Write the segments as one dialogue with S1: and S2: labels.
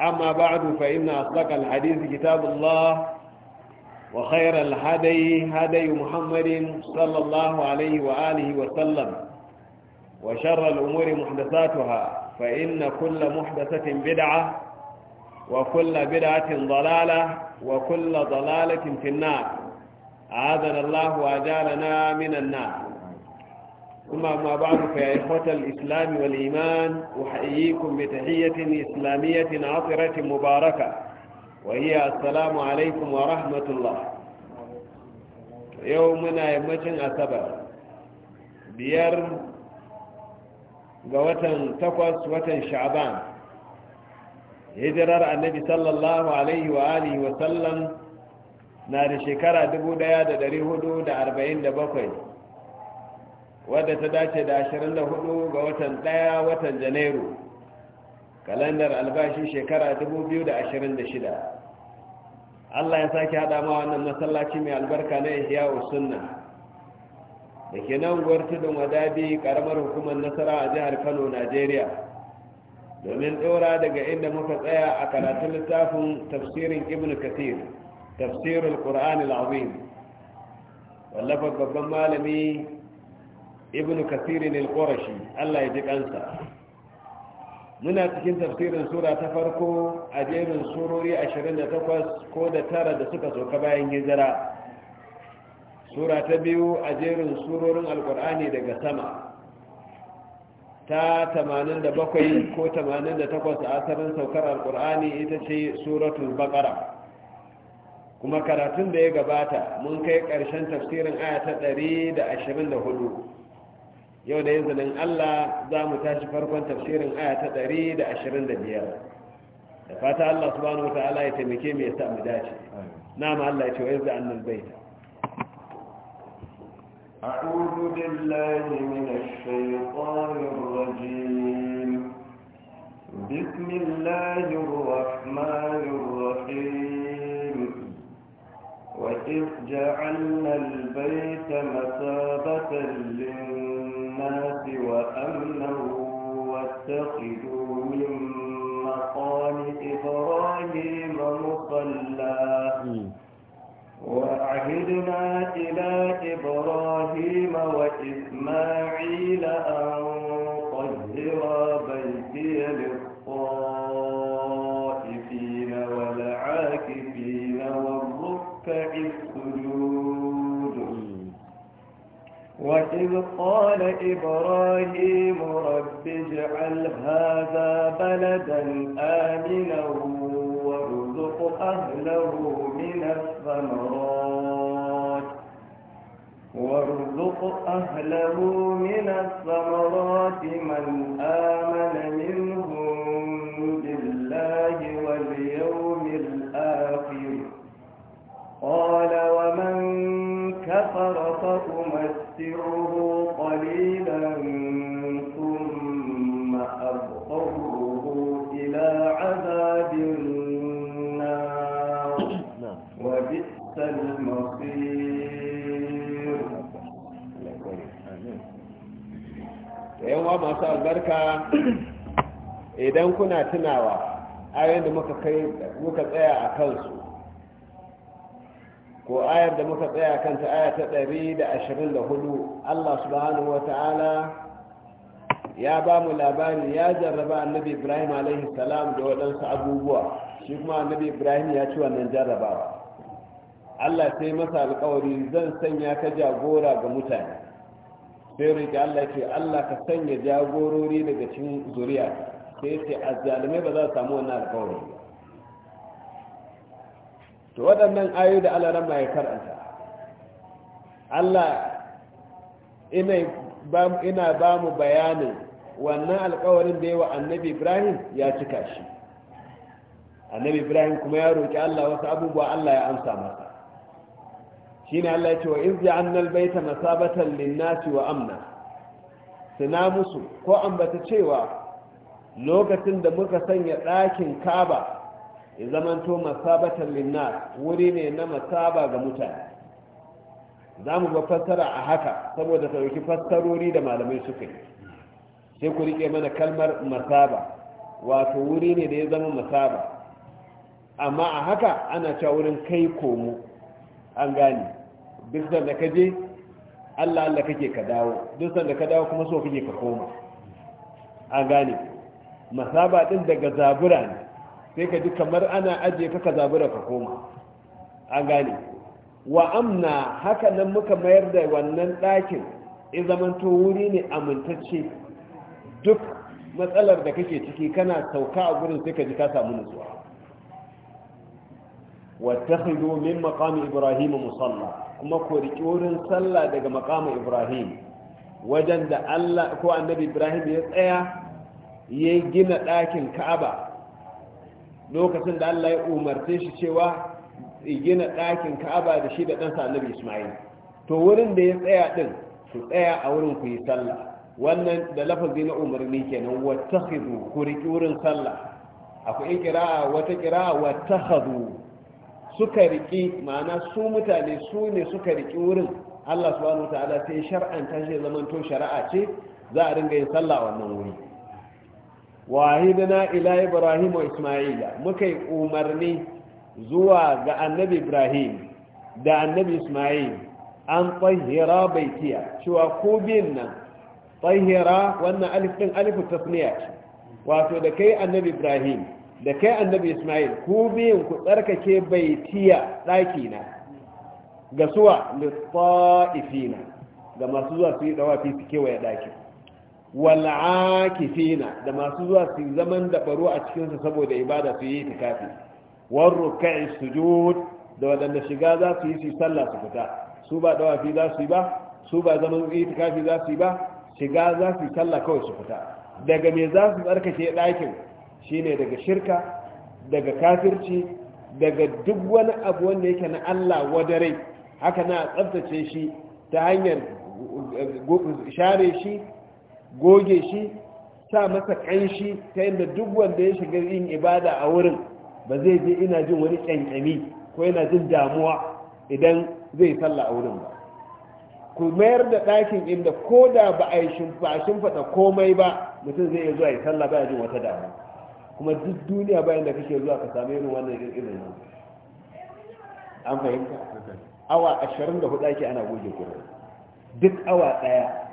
S1: أما بعد فإن أصدق الحديث كتاب الله وخير الهدي هدي محمد صلى الله عليه وآله وسلم وشر الأمور محدثاتها فإن كل محدثة بدعة وكل بدعة ضلالة وكل ضلالة في النار أعاذنا الله وأجالنا من النار ثم ما بعد فيا إخوة الإسلام والإيمان أحييكم بتحية إسلامية عطرة مباركة وهي السلام عليكم ورحمة الله يومنا يمتن أسبر بير قوة تقوس وتن شعبان hijirar annabi sallallahu alaihi wa alihi wa sallam na da shekara bakwai. wadda ta dace da 24 ga watan ɗaya watan janairu kalandar albashi shekara 2026 allah ya sake haɗa ma wannan masallaci mai albarka na ihya sunna da ke nan gwar wadabi karamar hukumar nasara a jihar kano najeriya domin ɗora daga inda muka tsaya a karatun littafin tafsirin ibn kathir tafsirin ƙur'an al'azim wallafar babban malami ibn kasirin al-qurashi Allah ya ji kansa muna cikin tafsirin sura ta farko a jerin surori 28 ko da tara da suka soka bayan hijira sura ta biyu a jerin surorin alkur'ani daga sama ta 87 ko 88 a asarin saukar alkur'ani ita ce suratul baqara kuma karatun da ya gabata mun kai ƙarshen tafsirin aya ta 124 yau da izinin Allah za mu tashi farkon tafsirin aya ta 125 da fata Allah subhanahu wa ta'ala ya taimake mu ya sa mu dace na'am Allah ya ce wa izza annal baita
S2: أعوذ بالله من الشيطان الرجيم بسم الله الرحمن الرحيم وإذ جعلنا البيت مثابة للناس الناس وأمنه واتخذوا من مقام إبراهيم مصلى إذ قال إبراهيم رب اجعل هذا بلدا آمنا وارزق أهله من الثمرات وارزق أهله من الثمرات
S1: idan kuna tunawa ayar da muka tsaya a kansu ko ayar da muka tsaya kanta aya ta 124 Allah subhanahu wata'ala ya ba mu labari ya jarraba annabi Ibrahim alaihi salam da waɗansu abubuwa shi kuma annabi Ibrahim ya ci wannan jarrabawa Allah sai masa alƙawari zan sanya ka jagora ga mutane sai rike Allah ce Allah ka sanya jagorori daga cikin zuriya sai ce azzalimai ba za su samu wannan alkawari ba to waɗannan ayoyi da Allah ran ya karanta Allah ina ba mu bayanin wannan alkawarin da yawa annabi Ibrahim ya cika shi annabi Ibrahim kuma ya roki Allah wasu abubuwa Allah ya amsa masa Shi ne Allah ya ce wa iz al baita masabatan lin-nasi wa amna sana musu ko ambata cewa lokacin da muka sanya ɗakin kaba ya zamanto masabatan linnas wuri ne na masaba ga mutane za mu ga fassara a haka saboda ɗauki fassarori da malamai suka yi sai ku riƙe mana kalmar masaba wato wuri ne da ya zama masaba amma a haka ana cewa wurin kai komo an gane duk da ka je allah allah kake ka dawo duk da ka dawo kuma so kake ka koma an gane masaba din daga zabura ne sai ka ji kamar ana ajiye ka ka zabura ka koma an gane wa amna haka nan muka mayar da wannan ɗakin in zamanto wuri ne amintacce duk matsalar da kake ciki kana sauka a gurin sai ka ji ka samu nutsuwa ibrahim musalla kuma ko riki wurin Sallah daga maqami ibrahim wajen da Allah ko Annabi ibrahim ya tsaya. ya gina ɗakin ka'aba lokacin da allah ya umarce shi cewa ya gina ɗakin ka'aba da shi da ɗansa annabi ismail to wurin da ya tsaya ɗin su tsaya a wurin ku yi sallah wannan da lafazi na umarni kenan wattakhidhu ku riki wurin sallah akwai kira'a wata kira'a wattakhadhu suka riƙi, ma'ana su mutane su ne suka riƙi wurin Allah subhanahu wataala sai shar'anta shi zamanto shari'a ce za a ringa yin sallah wannan wuri wahidina ila ibrahim wa isma'ila muka yi umarni zuwa ga annabi ibrahim da annabi isma'il an tsahira baitiya cewa ko biyun nan tsahira wannan alif din alifu tasniya ce wato da kai annabi ibrahim da kai annabi isma'il ku biyun ku tsarkake baitiya ɗakina ga suwa littafina ga masu zuwa su yi dawafi su kewaye ɗakin wal'akifina da masu zuwa su zaman da baro a cikinsa saboda ibada su yi itikafi war ruk'i sujud da wadanda shiga za su yi su sallah su fita su ba dawafi za su yi ba su ba zaman yi kafi za su yi ba shiga za su yi sallah kawai su fita daga me za su tsarkake ɗakin shine daga shirka daga kafirci daga duk wani abu wanda yake na Allah wadare haka na tsabtace shi ta hanyar share shi goge shi sa masa ƙanshi ta yadda duk wanda ya shiga yin ibada a wurin ba zai je ina jin wani kyankyami ko yana jin damuwa idan zai sallah a wurin ba ku mayar da ɗakin inda ko da ba a shimfaɗa komai ba mutum zai iya zuwa ya sallah ba jin wata damu kuma duk duniya bayan da kake zuwa ka sami irin wannan irin an fahimta awa ashirin da ake ana goge gurin duk awa ɗaya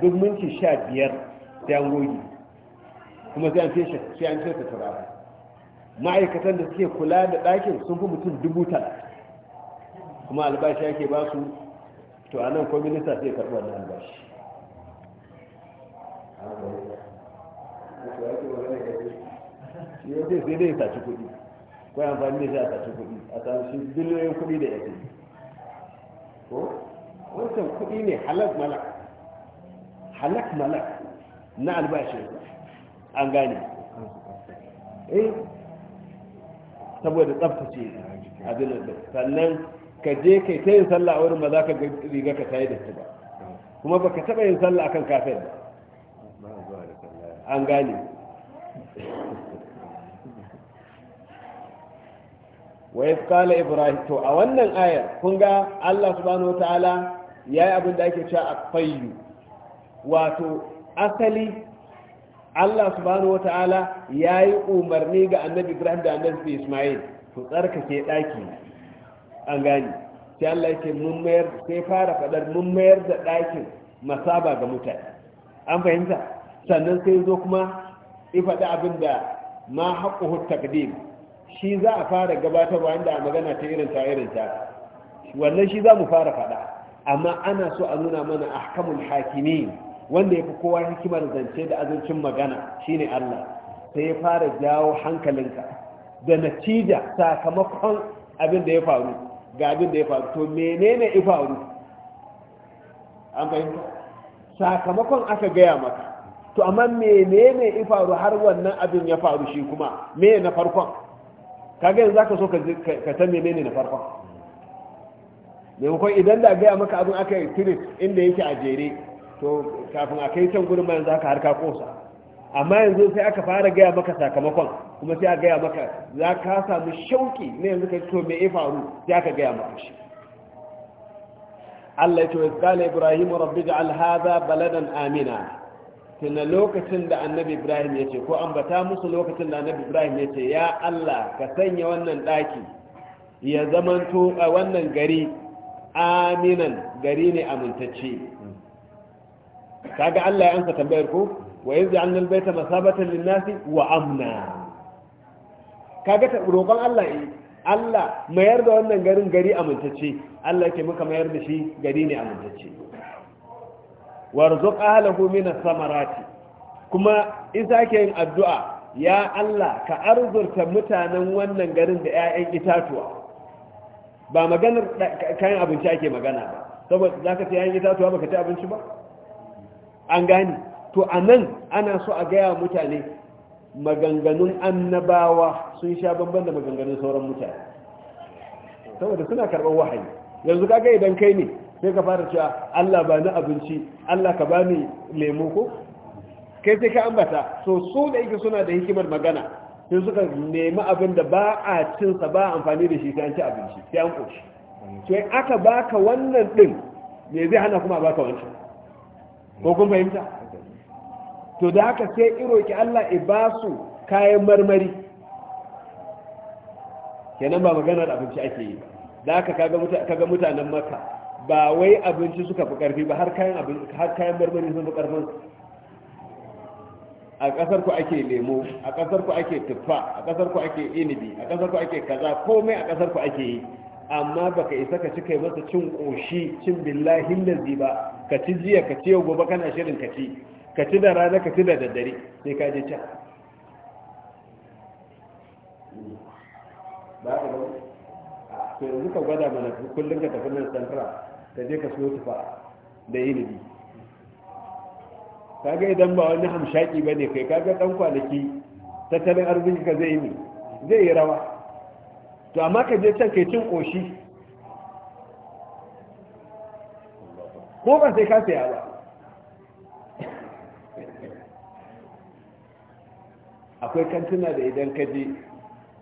S1: duk minti sha biyar sai an goge kuma sai an feshe sai an feshe turare ma'aikatan da suke kula da ɗakin sun fi mutum dubu talatin kuma albashi yake ba su to a nan ko minista sai karɓi wannan albashi yau sai dai ya saci kuɗi ko ya amfani da shi a saci kuɗi a shi biliyoyin kuɗi da yake ko wancan kuɗi ne halal mala halak malak na albashin an gane eh saboda tsabtace abin da sannan ka je kai ta yin sallah a wurin ba za ka riga ka tayi da su ba kuma baka taba yin sallah akan kafir
S2: ba
S1: an gane wai kala ibrahim to a wannan ayar kun ga allah subhanahu wa ta'ala ya yi abin da ake cewa a fayyu wato asali Allah subhanahu wa ta'ala ya yi umarni ga annabi Ibrahim da annabi Ismail su tsarkake ɗaki an gani sai Allah mun mayar sai fara faɗar mun mayar da ɗakin masaba ga mutane an fahimta sannan sai zo kuma ifaɗi abin da ma haƙuhu takdim shi za a fara gabatarwa inda a magana ta irin ta irin ta wannan shi za mu fara faɗa amma ana so a nuna mana ahkamul hakimin wanda ya fi kowa hikimar zance da azancin magana shine Allah sai ya fara jawo hankalinka da natija sakamakon abin da ya faru ga abin da ya faru to menene ya faru an fahimta sakamakon aka gaya maka to amma menene ya faru har wannan abin ya faru shi kuma me na farkon kaga yanzu zaka so ka san menene na farkon maimakon idan da gaya maka abin aka yi tirit inda yake a jere to kafin a kai can gudun ma yanzu ka har ka kosa amma yanzu sai aka fara gaya maka sakamakon kuma sai a gaya maka za ka samu shauki ne yanzu ka to me ya faru sai aka gaya maka shi Allah ya ce wa ibrahim rabbi ja'al hadha baladan amina tuna lokacin da annabi ibrahim ya ce ko ambata musu lokacin da annabi ibrahim ya ce ya allah ka sanya wannan daki ya zamanto a wannan gari aminan gari ne amintacce kaga Allah ya amsa tambayar ko wa an nan baita masabatan lin-nasi wa amna kaga ta roƙon Allah Allah mayar da wannan garin gari amintacce Allah yake muka mayar da shi gari ne amintacce warzuq ahlahu min as-samarati kuma in sake yin addu'a ya Allah ka arzurta mutanen wannan garin da 'ya'yan itatuwa ba maganar kayan abinci ake magana ba saboda zaka ci 'ya'yan itatuwa baka ci abinci ba an gane to a nan ana so a gaya mutane maganganun annabawa sun sha bamban da maganganun sauran mutane saboda suna karɓar wahayi yanzu ka kaga idan kai ne sai ka fara cewa Allah ba ni abinci Allah ka ba ni lemo ko kai sai ka ambata so su da yake suna da hikimar magana sai suka nemi abin da ba a cin sa ba amfani da shi sai an ci abinci sai an koshi sai aka baka wannan din me zai hana kuma baka wancan ko kun fahimta to da haka sai iroki Allah i ba su kayan marmari kenan ba maganar abinci ake yi da haka kaga mutanen maka ba wai abinci suka fi karfi ba har kayan marmari sun fi karfin a kasar ku ake lemo a kasar ku ake tuffa a kasar ku ake inibi a kasar ku ake kaza komai a kasar ku ake yi amma baka isa ka cika masa cin ƙoshi cin billahi lazi ba ka ci jiya ka ci yau gobe kana shirin ka ci ka ci da rana ka ci da daddare sai ka je can ba ka ba to yanzu ka gwada mana kullum ka tafi nan central ka je ka so tufa da ilimi kaga idan ba wani hamshaki ba ne kai kaga dan kwanaki tattalin arziki ka zai yi zai yi rawa to amma ka je can kai cin ƙoshi ko ba sai ka saya ba akwai kantuna da idan ka je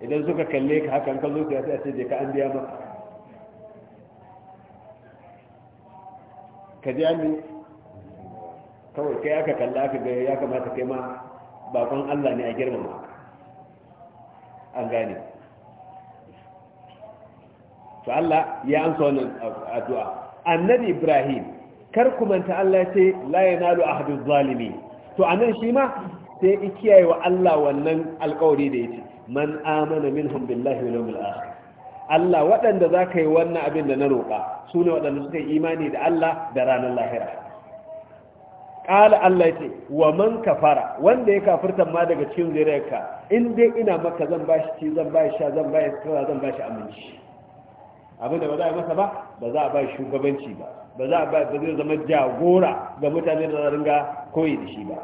S1: idan suka kalle ka hakan ka zo sai a ce je ka an biya maka ka je an kawai kai aka kalla aka gaya ya kamata kai ma bakon Allah ne a girmama an gane to Allah ya amsa wannan addu'a annabi Ibrahim kar ku manta Allah ya ce la yanalu ahadu zalimi to anan shi ma sai ya kiyaye wa Allah wannan alƙawari da yake man amana minhum billahi wal yawmil akhir Allah waɗanda za ka yi wannan abin da na roƙa su ne waɗanda suka yi imani da Allah da ranar lahira ƙala Allah ce wa man kafara wanda ya kafirta ma daga cikin zuriyarka in dai ina maka zan bashi ci zan bashi sha zan bashi tura, zan bashi aminci abin da ba za a masa ba ba za a ba shugabanci ba ba za a ba ba zai zama jagora ga mutane da ringa koyi da shi ba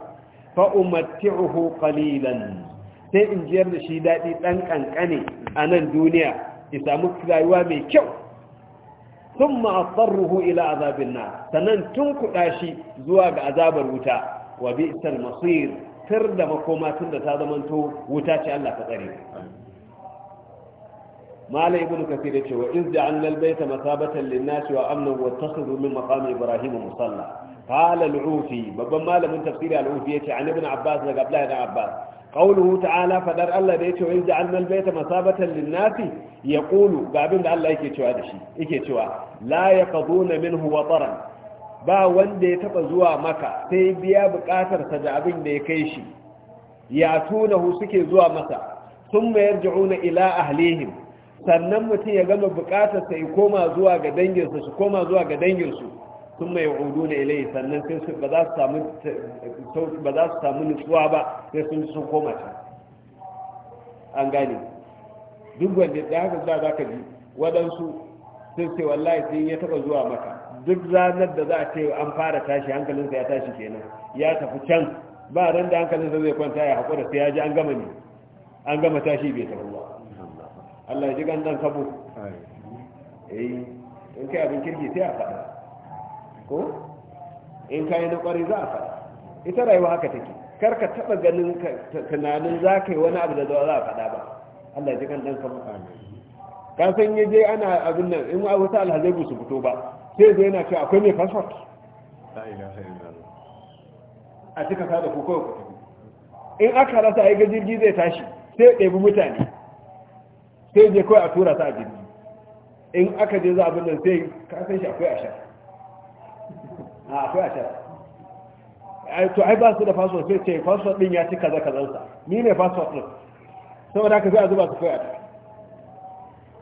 S1: fa umatti'uhu qalilan sai in jiyar da shi dadi dan kankane a nan duniya ya samu rayuwa mai kyau thumma asarruhu ila azabin nar sannan tun kuda shi zuwa ga azabar wuta wa bi'sal masir tar da makoma tun da ta zamanto wuta ce Allah ka tsare mala ibnu kafir yace wa iz ja'alna al-bayta masabatan lin-nas wa amnan wa takhudhu min maqami ibrahim musalla qala al babban malamin tafsiri al'ufi yace an ibn abbas daga abdullah ibn abbas qawluhu ta'ala faɗar allah da yace wa iz ja'alna al-bayta masabatan lin-nas yaqulu ga abin da allah yake cewa laya shi yake cewa la yaqduna ba wanda ya taɓa zuwa maka sai biya bukatar sa da abin da ya kai shi ya tunahu suke zuwa masa sun mayar ji'una ila ahlihim sannan mutum ya gama bukatar sai koma zuwa ga danginsa su koma zuwa ga danginsu sun mai hudu na ilai sannan sai su ba za su samu nutsuwa ba sai sun sun koma can an gane duk wanda ya haka za za ka ji waɗansu sun ce wallahi sun ya taɓa zuwa maka duk ranar da za a ce an fara tashi hankalinsa ya tashi kenan ya tafi can ba ran da hankalinsa zai kwanta ya haƙura sai ya ji an gama ne an gama tashi bai tafi ba Allah ya ji gandan sabo eh in kai abin kirki sai a faɗa ko in kai na ƙwari za a faɗa ita rayuwa haka take kar ka taɓa ganin tunanin za ka yi wani abu da za a faɗa ba Allah ya ji gandan sabo ka san ya je ana abin nan in wasu Alhaji ba su fito ba sai zai yana cewa akwai mai fasfot a cika sa da ku ku in aka rasa ai ga jirgi zai tashi sai ɗebi mutane sai je kawai a tura ta a jirgi in aka je za abin nan sai ka san shi akwai ashar a akwai ashar to ai ba su da fasfot sai ce fasfot din ya ci kaza kazansa ni ne fasfot din saboda haka sai a zuba su kawai a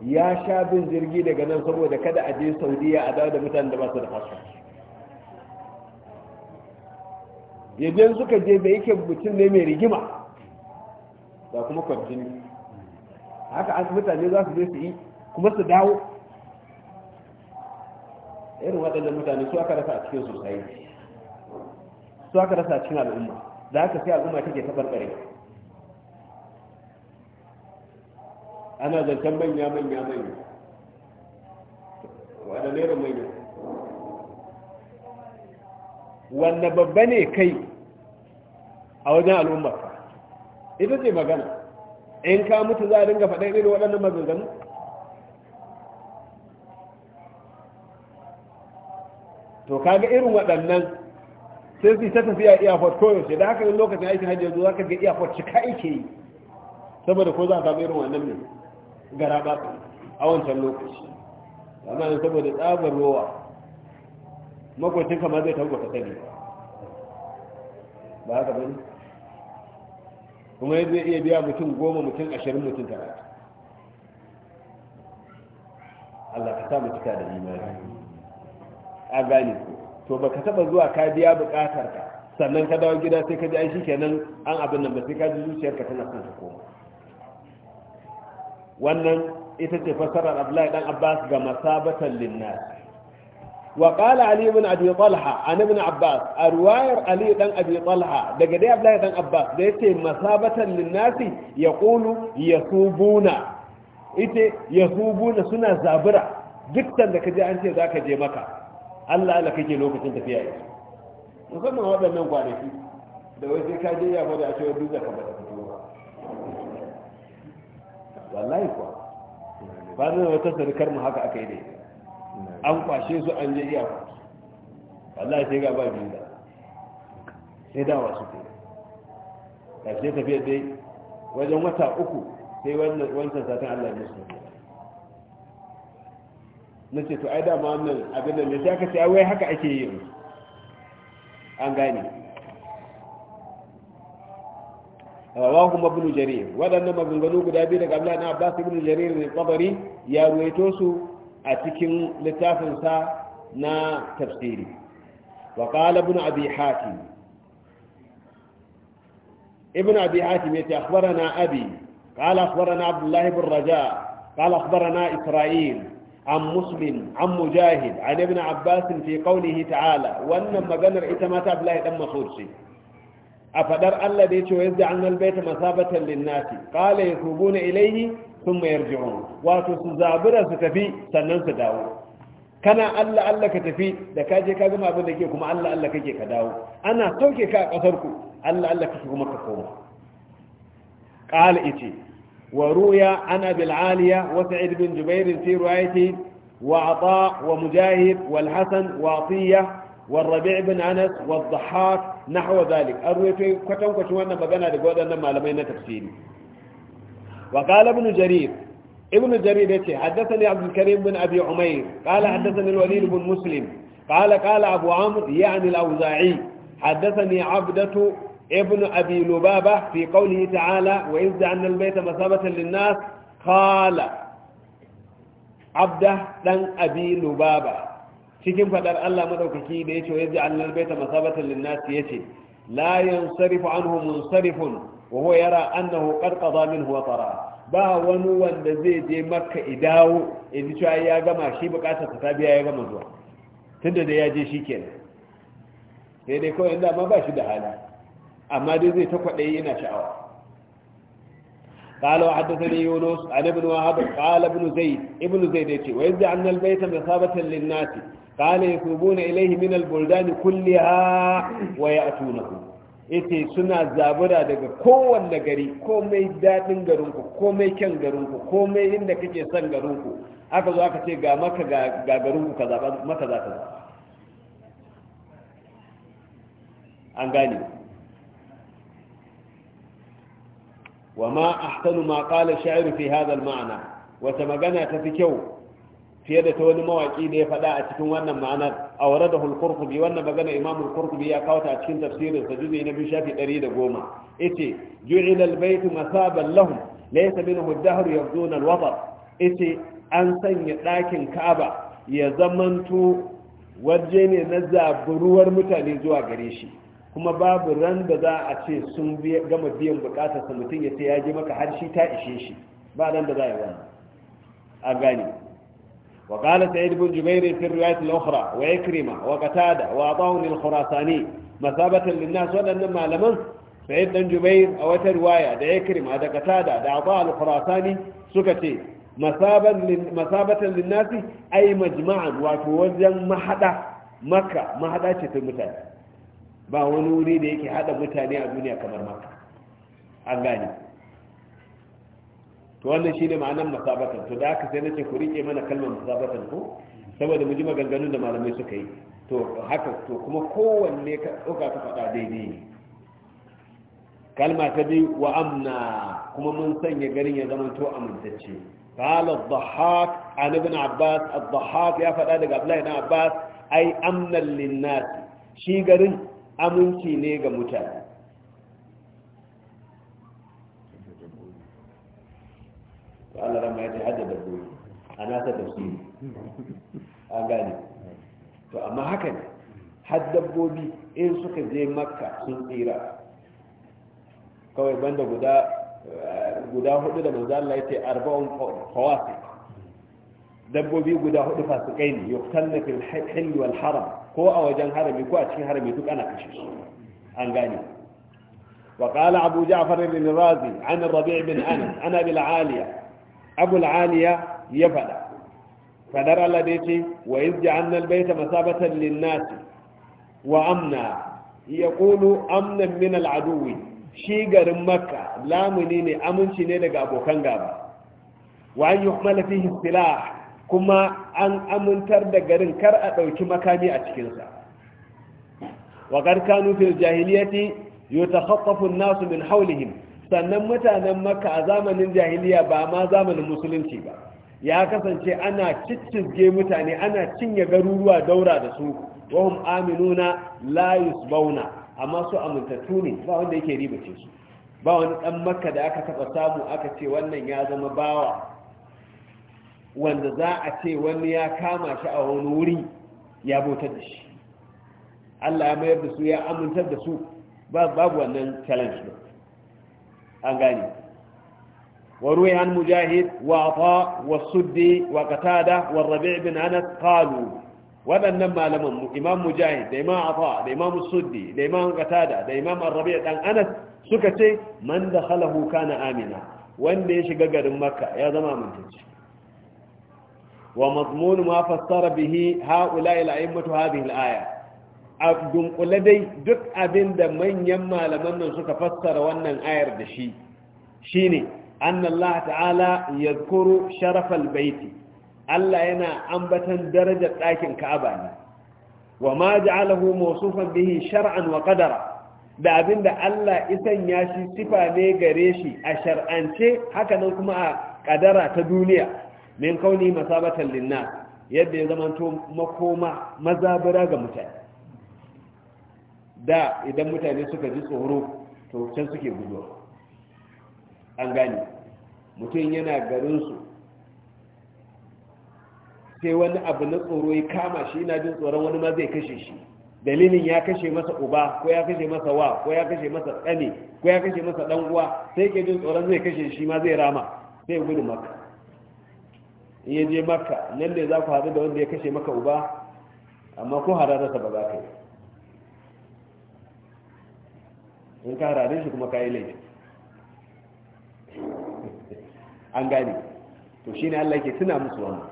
S1: ya sha bin jirgi daga nan saboda kada a je saudiya a dawo da mutanen da ba su da fasfot yajen suka je da yake mutum ne mai rigima da kuma kwancini haka an mutane za su je su yi kuma su dawo irin waɗannan mutane su aka rasa a cikin sosai su aka rasa a cikin al'umma da aka sai al'umma take ta barbare ana zancen manya manya manya waɗanne irin manya wanda babba ne kai a wajen al'ummarka ita ce magana in ka mutu za a dinga faɗin irin waɗannan maganganu to kaga irin waɗannan sai su ta tafiya iya airport koyaushe da haka lokacin aikin hajji yanzu za ka ga fort cika ake yi saboda ko za a samu irin wannan ne gara ba a wancan lokaci amma yanzu saboda tsabar rowa makwacin kama zai tabbata ne ba haka bane kuma ya zai iya biya mutum goma mutum ashirin mutum talatin Allah ka samu cika da imani a gane ku to ba ka taba zuwa ka biya bukatar ka sannan ka dawo gida sai ka ji ai kenan an abin nan ba sai ka ji zuciyarka tana son ta koma wannan ita ce fassarar Abdullahi dan Abbas ga masabatan linnas وقال علي بن ابي طلحه عن ابن عباس روايه علي بن ابي طلحه daga dai Abdullahi dan Abbas da yace masabatan linnasi yaqulu yasubuna ite yasubuna suna zabura dukkan da kaje an ce za ka je maka Allah Allah kake lokacin tafiya yake musamman waɗannan kwanaki da wai sai ka je ya gwada a cewa duk zaka bada fito wallahi kuwa ba zan wata sarkar mu haka aka yi dai an kwashe su an je iya wallahi sai ga ba biza sai dawa su ke ce tafiyar dai wajen wata uku sai wancan satan allah ya su na ce to ai da ma wannan abin da mai aka ce wai haka ake yi an gane kuma ibn jarir wadannan maganganu guda biyu daga Abdullah ibn Abbas ibn jarir ne kabari ya ruwaito su a cikin littafinsa na tafsiri wa qala ibn abi hatim ibn abi hatim yace akhbarana abi qala akhbarana abdullah ibn raja akwara na isra'il an مسلم an مجاهد an Ibn عباس في قوله تعالى وان مغنر اتمات عبد الله بن مسعود a faɗar Allah da ya ce wa yadda an albaita masabatan linnati ya qala na ilayhi sun mayar ji'un wato su zabura su tafi sannan su dawo kana Allah Allah ka tafi da ka je ka gama abin da ke kuma Allah Allah kake ka dawo ana sauke ka a kasar ku Allah Allah kake kuma ka koma qala ite wa ruya ana bil aliya wa sa'id bin jubair fi riwayati wa ata wa mujahid wal hasan wa atiya wal rabi' bin anas wal dhahhak nahwa dhalik arwaye kwatan kwatan wannan magana daga wadannan malamai na tafsiri وقال ابن جرير ابن جرير يتي حدثني عبد الكريم بن أبي عمير قال حدثني الوليد بن مسلم قال قال أبو عمرو يعني الأوزاعي حدثني عبدة ابن أبي لبابة في قوله تعالى وإذ جعلنا البيت مثابة للناس قال عبده بن أبي لبابة شكيم فدر الله madaukaki da yace wa yaj'al البيت bayta للناس يتي لا ينصرف عنه منصرف wa ya yara 'An na qada ƙazamin watara ba wani wanda zai je maka idawo in ji cewa ya gama shi bukatar ta biya ya gama zuwa tunda da ya je shi kenan sai dai kawai inda ma ba shi da hali amma dai zai ta kwaɗayi yana sha'awa قال وحدثني يونس عن ابن وهب قال ابن زيد ابن زيد يتي وإذ جعلنا البيت مثابة للناس قال يثوبون إليه من البلدان كلها ويأتونه yake suna zabura daga kowanne gari komai daɗin garinku komai kyan garinku komai inda kake son garinku aka zo aka ce ga maka ga garinku ka zaɓa maka za ka zaɓa an gane wa ma ahsanu ma qala sha'iru fi hadha al-ma'na wata magana ta fi kyau fiye da ta wani mawaki da ya faɗa a cikin wannan ma'anar a ware da hulkurkubi wannan magana imamul kurkubi ya kawata a cikin tafsirin sa juzi na biyu shafi ɗari da goma ita ju'ila albaitu masaban lahum laysa minhu ad-dahr yabduna al-watar ita an sanya ɗakin ka'aba ya zamanto waje ne na zaburuwar mutane zuwa gare shi kuma babu ran da za a ce sun gama biyan bukatarsa mutum ya ce ya je maka har shi ta ishe shi ba ran da za a yi wannan a gane وقال سعيد بن جبير في الرواية الأخرى وإكرمة وقتادة وأطاون الخراساني مثابة للناس لما لمن سعيد بن جبير أو رواية دا إكرمة دا قتادة دا أطاء الخراساني سكتي مثابة, مثابة للناس أي مجمعا وتوزن محدة مكة محدة تتمتان ba wani wuri da yake متاني الدنيا a مكة kamar to wannan shine ma'anar musabatan to da aka sai nace ku rike mana kalmar musabatan ko saboda mu ji maganganun da malamai suka yi to haka to kuma kowanne ka ɗauka ka faɗa daidai ne kalma ta bi wa amna kuma mun sanya garin ya zama to amintacce قال الضحاك عن ابن عباس الضحاك يا فدا daga Abdullahi ibn Abbas ai amnan linnas shi garin aminci ne ga mutane to Allah ran ma ya ce hajjar dabbobi a nasa tafsiri an gane to amma haka ne har dabbobi in suka je makka sun tsira kawai banda guda guda hudu da manzo Allah yace arba'un fawasi dabbobi guda hudu fasikai ne yuqtalna fil hil wal haram ko a wajen harami ko a cikin harami duk ana kashe su an gane وقال أبو جعفر بن رازي عن الربيع بن أنس أنا بالعالية abul aliya ya faɗa fadar Allah da yace wa iz ja'alna al masabatan lin-nasi wa amna yaqulu amnan min al shi garin makka lamuni ne aminci ne daga abokan gaba wa an yuhmala fihi silah kuma an amintar da garin kar a ɗauki makami a cikinsa wa kanu fil jahiliyati yutakhaffafu an-nasu min hawlihim sannan mutanen maka a zamanin jahiliya ba ma zamanin musulunci ba ya kasance ana ciccizge mutane ana cinye garuruwa daura da su wahum aminuna la yusbauna amma su amintattu ne ba wanda yake ribace su ba wani dan makka da aka taba samu aka ce wannan ya zama bawa wanda za a ce wani ya kama shi a wani wuri ya bautar da shi Allah ya mayar da su ya amintar da su babu wannan challenge din an gane وروي عن مجاهد wa والسدي wa والربيع بن أنس قالوا waɗannan malaman imam mujahid da imam afa da imam suddi da imam qatada da imam rabi dan anas suka ce man da dakhalahu kana amina wanda ya shiga garin makka ya zama amintacce wa mazmun ma fassara bihi haula ila a'immatu hadhihi al-aya a dunkule dai duk abin da manyan malaman nan suka fassara wannan ayar da shi shine annallah ta'ala kuru sharafal baiti Allah yana ambatan darajar ɗakin Ka'aba ne wa ma ja'alahu mawsufan bihi shar'an wa qadara da abin da Allah isan ya shi sifa ne gare shi a shar'ance haka nan kuma a kadara ta duniya min kauni masabatan Linna, yadda ya zamanto makoma mazabura ga mutane da idan mutane suka ji tsoro to can suke guduwa an gane mutum yana garinsu sai wani abu na tsoro ya kama shi yana jin tsoron wani ma zai kashe shi dalilin ya kashe masa uba ko ya kashe masa wa ko ya kashe masa tsane ko ya kashe masa dan uwa sai ke jin tsoron zai kashe shi ma zai rama sai gudu maka in je maka nan ne za ku haɗu da wanda ya kashe maka uba amma ko hararsa ba za ka yi in ka harare shi kuma ka yi laifi an gane to shi ne Allah ke tuna musu wannan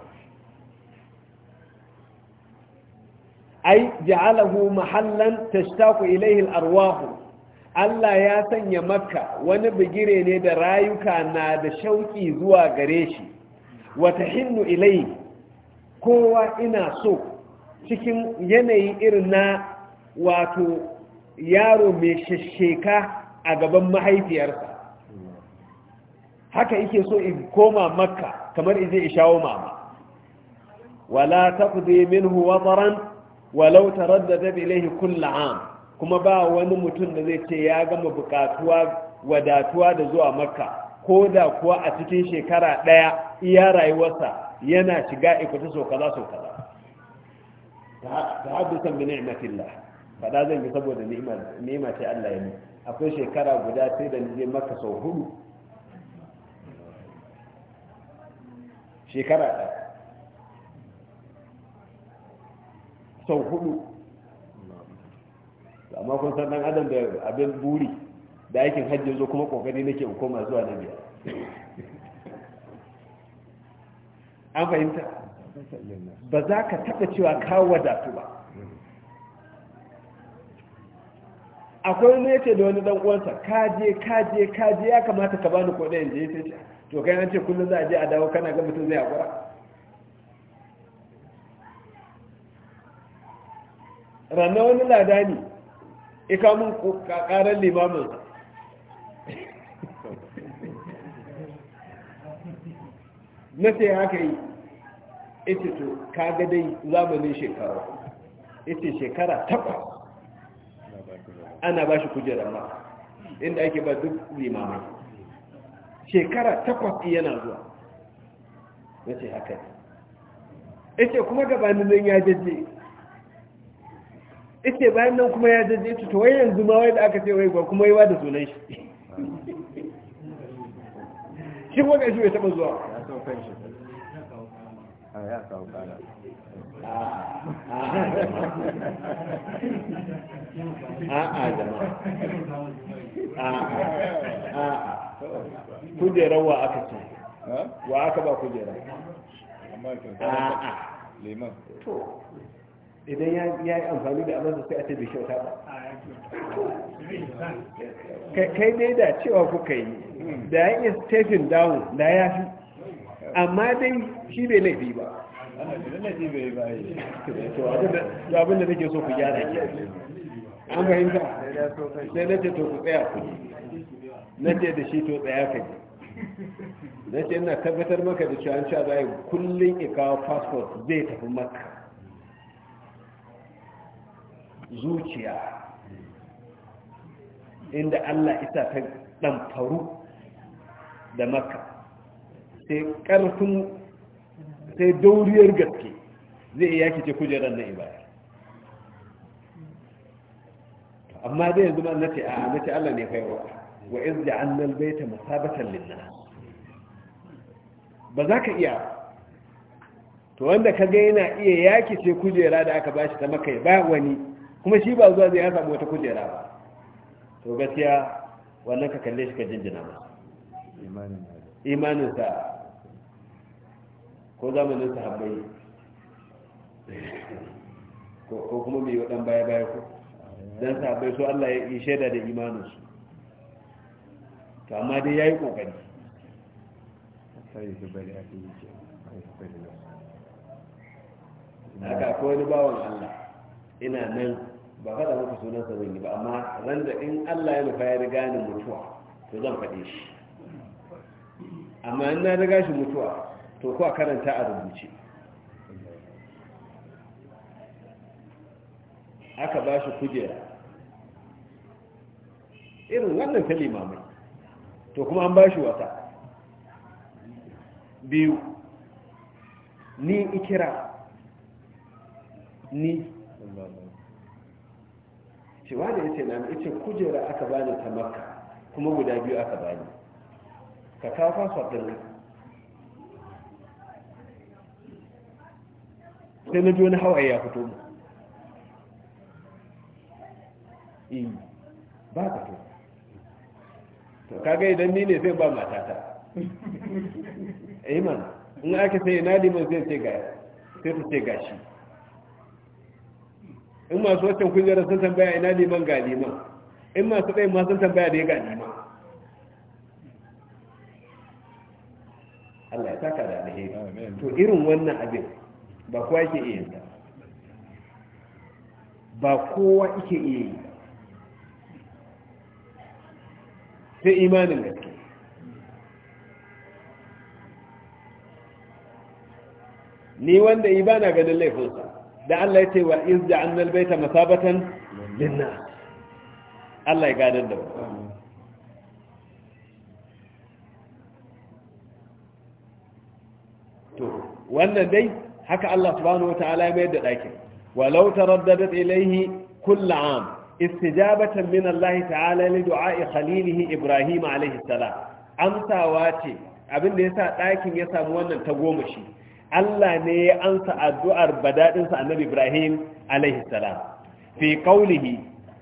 S1: ai ja'alahu mahallan tashtaqu ilayhi al-arwah Allah ya sanya makka wani bigire ne da rayuka na da shauki zuwa gare shi wa tahinnu ilayhi kowa ina so cikin yanayi irin na wato yaro mai shasheka a gaban mahaifiyarsa haka yake so in koma makka kamar in ishawo shawo mama wala taqdi minhu wataran walau taraddada ilayhi kullu am kuma ba wani mutum da zai ce ya gama bukatuwa wadatuwa da zuwa makka ko da kuwa a cikin shekara ɗaya iya rayuwarsa yana shiga ikuta so kaza so kaza ta haddisa bi ni'matillah fada zan yi saboda nema ce Allah ya yi akwai shekara guda sai da nije maka sau hudu shekara ɗaya sau hudu amma kun san dan adam da abin buri da aikin hajji zo kuma kokari nake in koma zuwa na biya an fahimta ba za ka taɓa cewa kawo wadatu ba akwai wani yace da wani dan uwansa kaje kaje kaje ya kamata ka bani kuɗi in je sai to kai an ce kullum za a je a dawo kana ga mutum zai hakura ranar wani lada ne ika mun ƙarar limamin na ce haka yi ita to kaga dai zamanin shekara ita shekara takwas ana ba shi kujerar ba inda ake ba duk limamai shekara takwas yana zuwa ya ce haka ne ya ce kuma gabanin nan ya jaje ya ce bayan nan kuma ya jaje su ta wayan zuma wai da aka ce wai ba kuma yiwa da sunan shi
S2: shi kuma ga shi bai taba zuwa ya kawo kala Ah, ah, ah, a'a a'a kujerar wa aka ce
S1: wa aka ba a'a liman to idan ya yi amfani da sai a ce ba kai dai da cewa kuka yi da ya iya stephen down da ya fi amma dai shi bai laifi ba to abin nake so ku gyara ke
S2: an fahimta sai na ce to ku tsaya ku na ce da shi to tsaya
S1: ka ji na ce ina tabbatar maka da cewa an cewa za a yi kullum ya kawo fasfot zai tafi maka zuciya inda allah isa ta ɗamfaru da maka sai ƙarfin sai dauriyar gaske zai iya kice kujerar na ibaya amma dai yanzu ma ce a ce Allah ne kai wa iz ja'alna an bayta masabatan lin ba za ka iya to wanda ka ga yana iya yaki ce kujera da aka bashi ta makai ba wani kuma shi ba zuwa zai ya samu wata kujera ba to gaskiya wannan ka kalle shi ka jinjina ba imanin sa ko zamanin sahabbai ko kuma mai waɗan baya-baya ko don sahabbai su Allah ya yi shaida da imaninsu to amma dai ya yi ƙoƙari haka ko wani bawan Allah ina nan ba faɗa muku sunan zan yi ba amma ran da in Allah ya nufa ya riga ni mutuwa to zan faɗe shi amma in na riga shi mutuwa to kuwa karanta a rubuce aka ba shi kujera irin wannan ta limamai to kuma an ba shi wata biyu ni ikira ni cewa da ya ce na ce kujera aka bani ta makka kuma guda biyu aka bani ka kawo fasfafin sai na ji wani hawaye ya fito mu eh ba ka to to kaga idan ni ne sai ba matata eh man in aka sai na liman zai ce ga sai ta ce gashi in masu wancan kujerar sun tambaya ina liman ga liman in masu ɗayin ma sun tambaya da ya ga liman Allah ya taka da alheri to irin wannan abin ba kowa yake iya yin ba kowa yake iya yi sai imanin gaske ni wanda yi ba na ganin laifinsa da Allah ya ce wa iz ja'alna al-baita masabatan linnas Allah ya gadar da to wannan dai haka Allah subhanahu wataala ya mayar da ɗakin walau taraddadat ilayhi kullu am istijabatan min Allah ta'ala li du'a'i khalilihi Ibrahim alayhi salam amsawa ce abin da yasa ɗakin ya samu wannan tagomashi Allah ne ya ansa addu'ar badadin Annabi Ibrahim alayhi salam fi qawlihi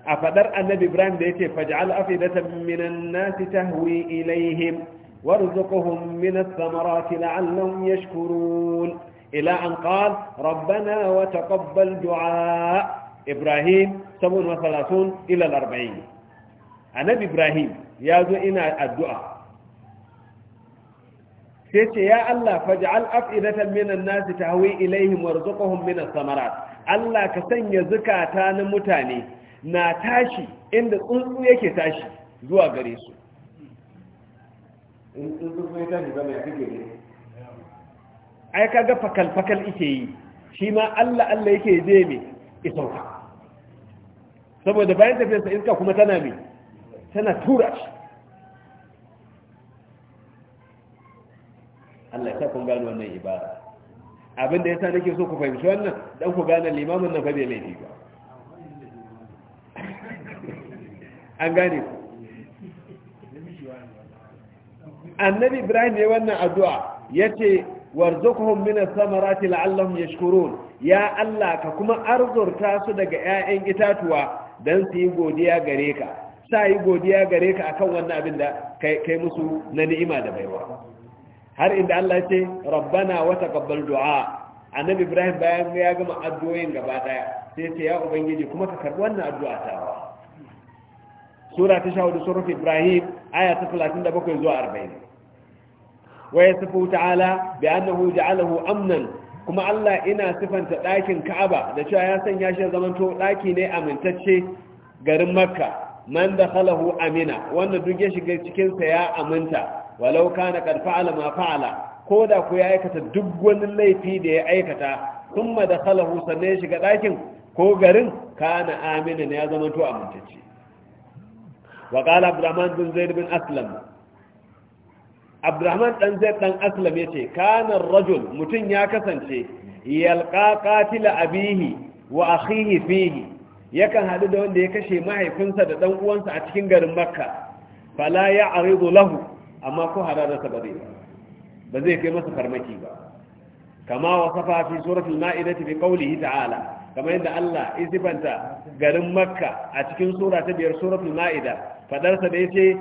S1: a fadar Annabi Ibrahim da yake faj'al afidatan minan nasi tahwi ilayhim warzuqhum min ath-thamarati la'allahum yashkurun إلى أن قال ربنا وتقبل دعاء إبراهيم سبعون وثلاثون إلى الأربعين النبي إبراهيم يازو إنا الدعاء سيتي يا الله فاجعل أفئدة من الناس تهوي إليهم وارزقهم من الثمرات الله كسن sanya zukata na mutane na tashi inda tsuntsu yake tashi zuwa gare su in tsuntsu ai kaga fakal fakal yake yi shi ma Allah Allah yake zai me isauka saboda bayan sa iska kuma tana me tana tura shi Allah ya sa kun gano wannan ibada abin da yasa nake so ku fahimci wannan dan ku gane limamin nan fa bai laifi ba an gane ku annabi Ibrahim ya wannan addu'a yace warzuqhum min ath-thamarati la'allahum yashkurun ya Allah ka kuma arzurta su daga 'ya'yan itatuwa dan su yi godiya gare ka sa yi godiya gare ka akan wannan abin da kai musu na ni'ima da baiwa har inda Allah ya ce rabbana wa taqabbal du'a annabi Ibrahim bayan ya gama addu'o'in gaba daya sai ce ya ubangiji kuma ka karbi wannan addu'a ta sura ta 14 sura Ibrahim aya ta 37 zuwa 40 wa yasfu ta'ala bi annahu ja'alahu amnan kuma Allah ina sifanta ɗakin Ka'aba da cewa ya sanya shi zamanto ɗaki ne amintacce garin Makka man dakhalahu amina wanda duk ya shiga cikin sa ya aminta walau kana qad fa'ala ma fa'ala ko da ku ya aikata duk wani laifi da ya aikata kuma dakhalahu sannan ya shiga ɗakin ko garin kana amina ne ya zamanto amintacce wa qala Abdurrahman bin Zaid bin Aslam abdurrahman dan zaid dan aslam ce kana rajul mutum ya kasance yalqa qatila abihi wa akhihi fihi yakan hadu da wanda ya kashe mahaifinsa da dan uwansa a cikin garin makka fala ya'ridu lahu amma ko hararsa ba zai ba zai kai masa farmaki ba kama wasafa fi suratul ma'idati bi qawlihi ta'ala kamar yadda Allah isifanta garin makka a cikin sura ta biyar suratul ma'ida fadarsa da yace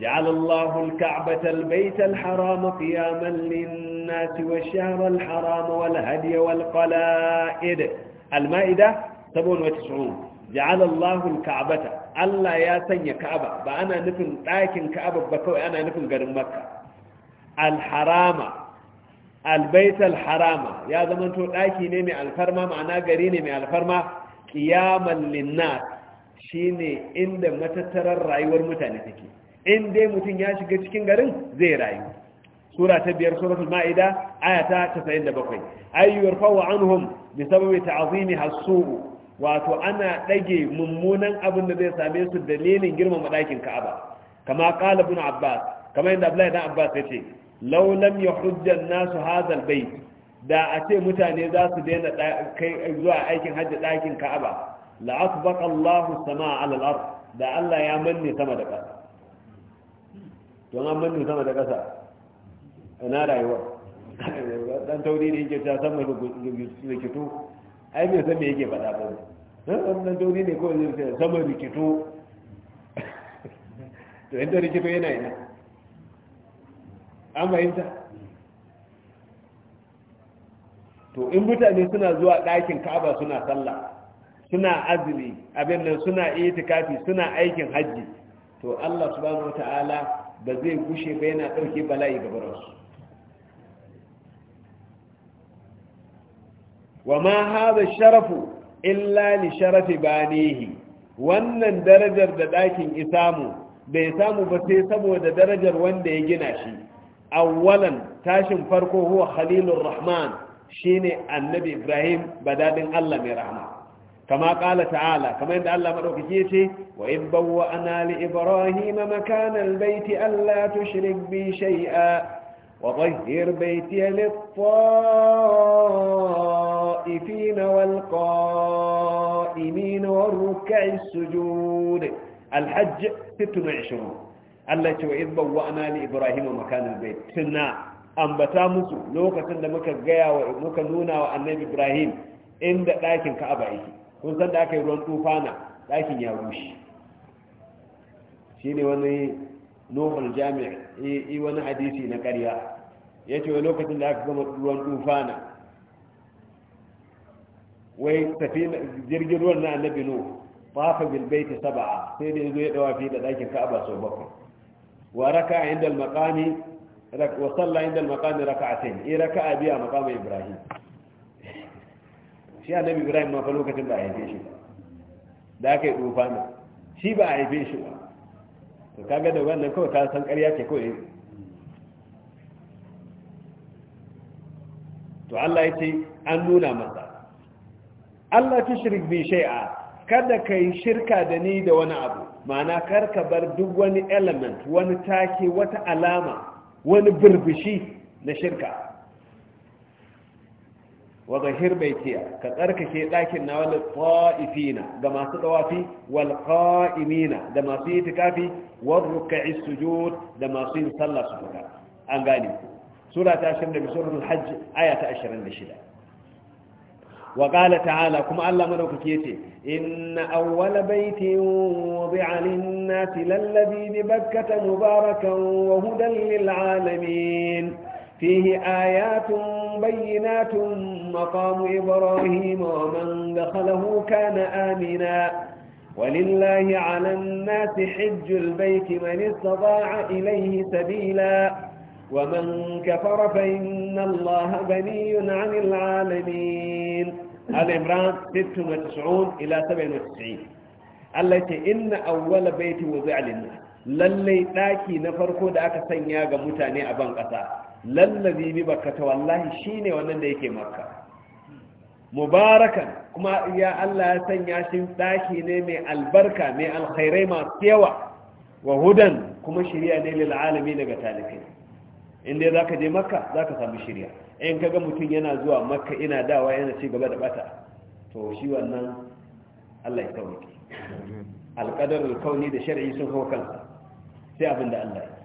S1: جعل الله الكعبة البيت الحرام قياما للناس والشهر الحرام والهدي والقلائد المائدة 97 جعل الله الكعبة الله يا سني كعبة بأنا نفن تاكن كعبة بكوي أنا نفن قرم مكة الحرام البيت الحرام يا زمن تو لكن نمي الفرما معنا قري نمي الفرما قياما للناس شيني إن matattarar rayuwar mutane in dai mutum ya shiga cikin garin zai rayu sura ta biyar suratul ma'ida aya ta 97 ay yurfa'u anhum bi sababi ta'zimi hasu wato ana dage mummunan abin da zai same su dalilin girmama ɗakin Ka'aba kama qala ibn Abbas kama inda Abdullahi dan Abbas yace law lam yahujja an-nasu hadha al-bayt da a ce mutane za su daina kai zuwa aikin hajji dakin Ka'aba la asbaqa Allahu samaa al-ard da Allah ya manne sama da ƙasa don an mandu sama da ƙasa ina rayuwa dan tauri ne yake ta sama da rikito ai bai san me yake faɗa ba ne dan tauri ne kawai zai sama rikito to yadda rikito yana yana, an fahimta to in mutane suna zuwa ɗakin kaba suna sallah suna azumi abin nan suna itikafi suna aikin hajji to Allah subhanahu ta'ala ba zai gushe ba yana ɗauke bala'i ga baransu wa ma haɗa sharafu illa ni sharafi banehi. wannan darajar da ɗakin isamu bai samu ba sai saboda darajar wanda ya gina shi awwalan tashin farko huwa khalilur rahman shine annabi ibrahim badadin allah mai rahama كما قال تعالى كما عند الله مروكيتي وإن بوأنا لإبراهيم مكان البيت ألا تشرك بي شيئا وظهر بيتي للطائفين والقائمين والركع السجود الحج 26 الله تعالى وإذ بوأنا لإبراهيم مكان البيت سنة أم مسو لوكا سنة مكا قيا ومكا نونا وأنبي إبراهيم إن لكن كأبائي kun san da aka yi ruwan tufana ɗakin ya rushe shine wani nuhul jami'a yi wani hadisi na ƙarya ya ce wai lokacin da aka gama ruwan tufana wai tafi jirgin ruwan na annabi nuhu fafa bilbaiti saba'a sai da yazo ya dawa fi da dakin ka'aba sau bakwai wa raka inda al-maqami wa salla inda al-maqami raka'atayn eh raka'a biya maqami ibrahim shi annabi ibrahim ma fa lokacin ba a haife shi da aka yi tsufa ne shi ba a haife shi ba to kaga da wannan kawai ka san ƙarya ce kawai to Allah ya ce an nuna masa Allah ta shirik bi shay'a kada ka yi shirka da ni da wani abu ma'ana kar ka bar duk wani element wani take wata alama wani birbishi na shirka wa zahir baitiya ka tsarkake ɗakin na wani fa’ifina ga masu tsawafi wal qa'imina da masu yi tukafi wa rukai sujud da masu yin sallah su fuka an gani sura ta shirin da bisurin hajj aya ta ashirin da shida wa ta'ala kuma allah mana ku ce inna awwala baitin wadi'a lin-nasi lallazi bi bakkata mubarakan wa hudan lil alamin فيه آيات بينات مقام إبراهيم ومن دخله كان آمنا ولله على الناس حج البيت من استطاع إليه سبيلا ومن كفر فإن الله بني عن العالمين هذا الإمران 96 إلى 97 التي إن أول بيت وضع للناس للي تاكي na farko da aka أبان قصار lallazi bi bakkata wallahi shine wannan da yake makka mubarakan kuma ya Allah ya sanya shi daki ne mai albarka mai alkhairai masu yawa wa hudan kuma shirya ne lil alami daga talibai inda zaka je makka zaka samu shirya in kaga mutum yana zuwa makka ina dawa yana ci gaba da bata to shi wannan Allah ya sauke alqadar alkauni da shar'i sun hau kansa sai abinda Allah ya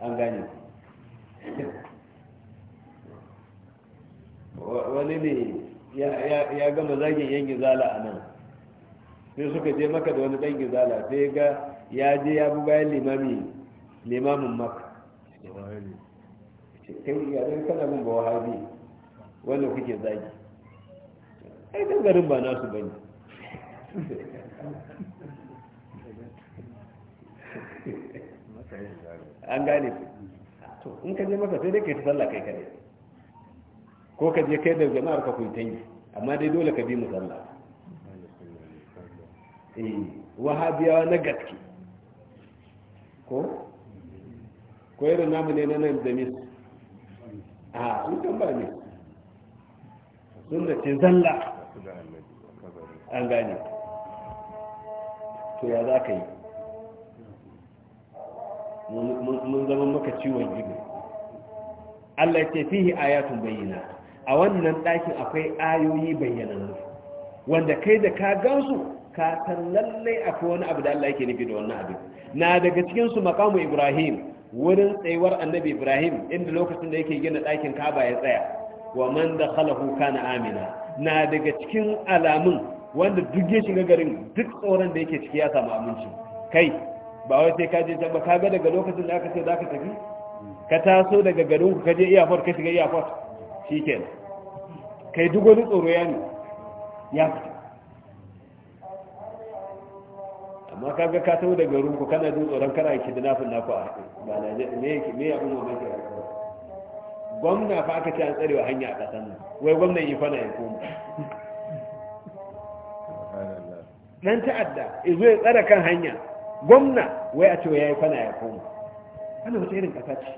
S1: an gane wani ne ya gama zagin yan gizala a nan sai suka je maka da wani dan gizala sai ga ya je ya bu bayan limami limamin maka kai yaren kana min ba wanda kuke zagi ai garin ba nasu bane an gane ku to in ka je maka sai dai kai ta sallah kai kadai ko ka je kai da jama'ar ka kun tangi amma dai dole ka bi mu sallah eh wahabiyawa na gaske ko ko irin namu ne na nan da mis a in kan ba ne sunna ce zalla an gane to ya za ka yi mun zama maka ciwon ido Allah ya ce fihi ayatun bayyana a wannan ɗakin akwai ayoyi bayyana wanda kai da ka gansu ka san lallai akwai wani abu da Allah yake nufi da wannan abin na daga cikin su maqamu Ibrahim wurin tsayuwar Annabi Ibrahim inda lokacin da yake gina ɗakin Kaaba ya tsaya wa man dakhalahu kana amina na daga cikin alamun wanda duk ya shiga garin duk tsoron da yake ciki ya samu aminci kai ba wai sai ka je can ba ka ga daga lokacin da aka ce za ka tafi ka taso daga garin ku ka je iyafar ka shiga iyafar shi ke kai duk wani tsoro ya ne ya fita amma ka ga ka taso daga garin ku kana jin tsoron kana ki dina fulla ku a ba na me me abin a ke gwamna fa aka ce an tsarewa hanya a kasan nan wai gwamnan yi fana ya koma Nan ta'adda izo ya tsara kan hanya gwamna wai a cewa ya yi fana ya koma ana wata irin kasa ce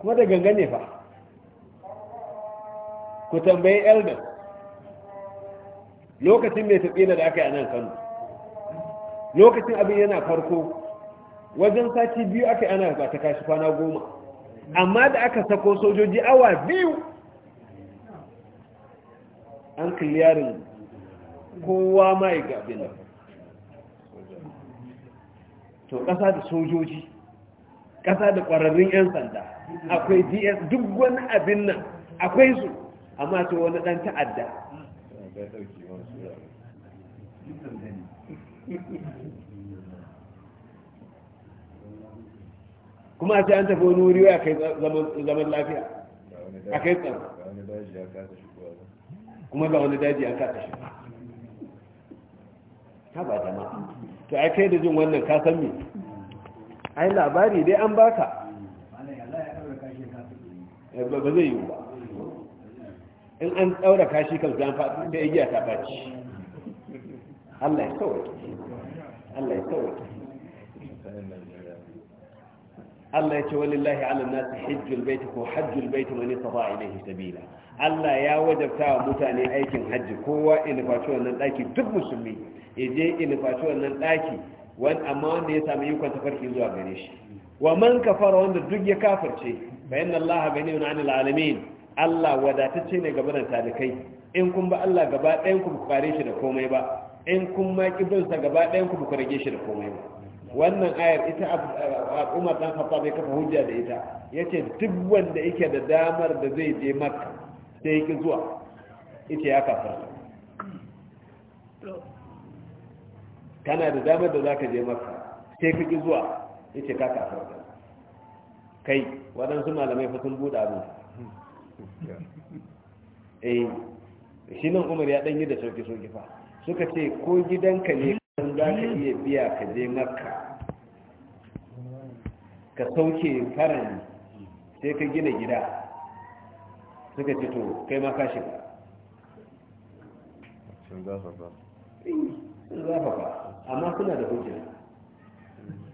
S1: kuma da gangane fa ku tambayi elder lokacin mai tafiya da aka yi a nan kano lokacin abin yana farko wajen sati biyu aka yi ana ba ta kashi kwana goma amma da aka sako sojoji awa biyu an kiliyarin kowa ma ya gabi to ƙasa da sojoji ƙasa da ƙwararrun 'yan sanda akwai ds duk wani abin nan akwai su amma to wani dan ta'adda kuma sai an tafi wani wuri a kai zaman lafiya a kai tsaro kuma ba wani daji an kata shi ta ba ma. to a kai da jin wannan ka san me ai labari dai an baka
S2: eh, ba zai yi ba
S1: in an tsaura kashi kan zan faɗi da igiya ta faci Allah ya sauwa Allah ya sauwa Allah ya ce walillahi ala nasi hajjul baiti ko hajjul baiti ina istata ilayhi sabila Allah ya wajabta wa mutane aikin hajji kowa ilifaci wannan daki duk musulmi ya je ilifaci wannan daki amma wanda ya sami yukon tafarki zuwa gare shi wa man kafara wanda duk ya kafarce bayan Allah gani wani anil alamin Allah wadatacce ne gaban talikai in kun ba Allah gaba ɗayan ku kare shi da komai ba in kun ma kibinsa gaba ɗayan ku ku shi da komai ba wannan ayar ita al'ummar dan khattab bai kafa hujja da ita yace duk wanda yake da damar da zai je makka sai yake zuwa ita ya kafarta kana da damar da zaka je makka sai kake zuwa yace ka kafarta kai waɗansu malamai fa sun buɗa abin eh shi nan umar ya ɗanyi da sauki sauki fa suka ce ko gidanka ne sun za ka iya biya ka je makka ka sauke faran sai ka gina gida suka fito kai ma ka shiga sun zafafa eh, amma suna da hujjar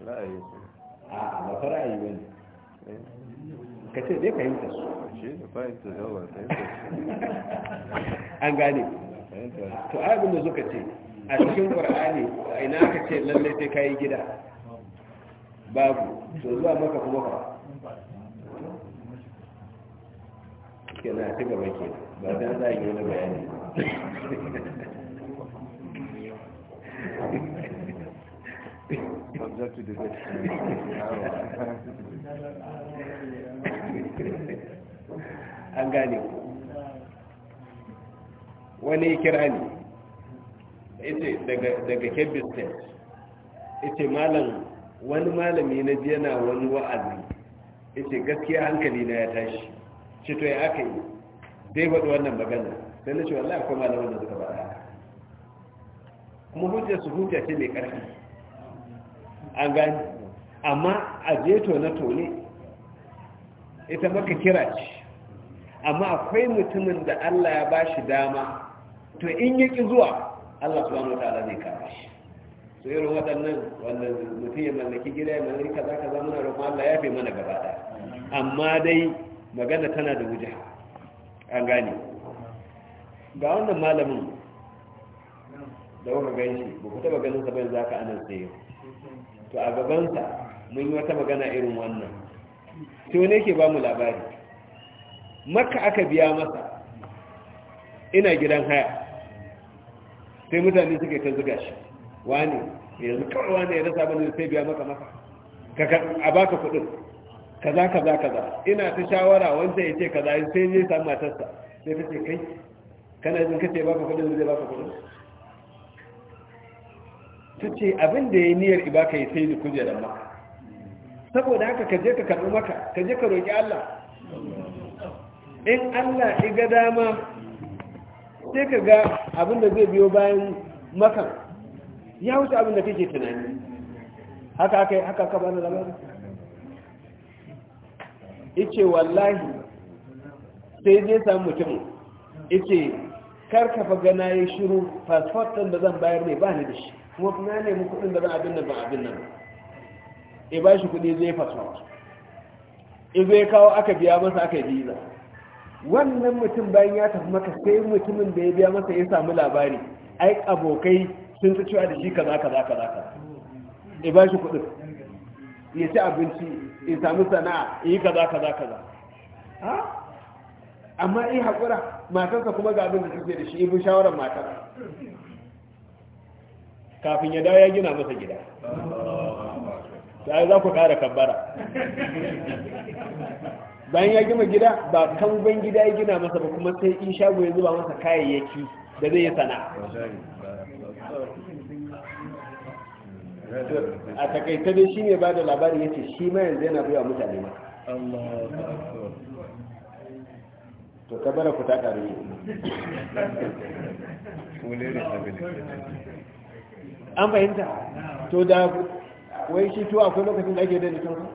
S2: ra'ayi a ba ra'ayi ba ne eh.
S1: ka ce zai fahimta su an gane to abin da suka ce a cikin ƙwar'ani a ina aka ce lalle sai kayi gida babu to zuwa maka kuma
S2: ba
S1: ke na ci gaba ke ba dan za a yi wani bayani an gane wani kira ne ita daga daga Kebbi State ita malam wani malami na ji yana wani wa'azi ita gaskiya hankali na ya tashi Cito to ya aka yi dai faɗi wannan magana sai na ce wallahi akwai malamin da suka bada kuma hujja su hujja ce mai karfi an gani amma a je na tone ita maka kira ce amma akwai mutumin da Allah ya ba shi dama to in yaki zuwa Allah subhanahu wataala zai kama shi to irin waɗannan wanda mutum ya mallaki gida ya mallaki kaza kaza muna roƙon Allah ya fi mana gaba ɗaya amma dai magana tana da wuja an gane ga wannan malamin da kuka gan shi ba ku taɓa ganin sa bai za ka anan tsaye to a gabansa mun yi wata magana irin wannan to ne ke ba mu labari makka aka biya masa ina gidan haya sai mutane suke ta zuga shi wani yanzu kawai wani ya rasa bane sai biya maka maka Kaka, a baka kuɗin kaza kaza kaza ina ta shawara wanda ya ce kaza sai zai samu matarsa sai ta ce kai kana jin kace baka kuɗin zai baka kuɗin ta ce abin da ya niyyar ibaka ya sai da maka saboda haka ka je ka karɓi maka ka je ka roƙi Allah in Allah iga dama sai ka ga abin da zai biyo bayan makan ya wuce abin da kake tunani haka aka yi haka kaba na labarin ice wallahi sai zai samu mutum ice karkafa gana ya shiru ɗin da zan bayar ne ba ni da shi kuma na nemi kudin da zan abin nan ban abin nan e ba shi kudi zai fasfot izo zai kawo aka biya masa aka yi biza wannan mutum bayan ya tafi maka sai mutumin da ya biya masa ya samu labari ai abokai sun ci cewa da shi kaza kaza kaza kaza ya ba shi kudin ya ci abinci ya samu sana'a yi kaza kaza kaza amma in haƙura matarsa kuma ga abin da suke da shi ibu shawarar matar kafin ya dawo ya gina masa gida sai za ku ƙara kabbara
S2: bayan ya gina gida ba
S1: kangon gida ya gina masa ba kuma sai in shago ya zuba masa kayayyaki da zai yi sana'a
S2: a takaita dai
S1: shi ne ba da labari ya ce shi ma yanzu yana biya mutane ba to ka bara ku ta ƙaru
S2: an fahimta to da wai shi
S1: tuwa akwai lokacin da ake da nisan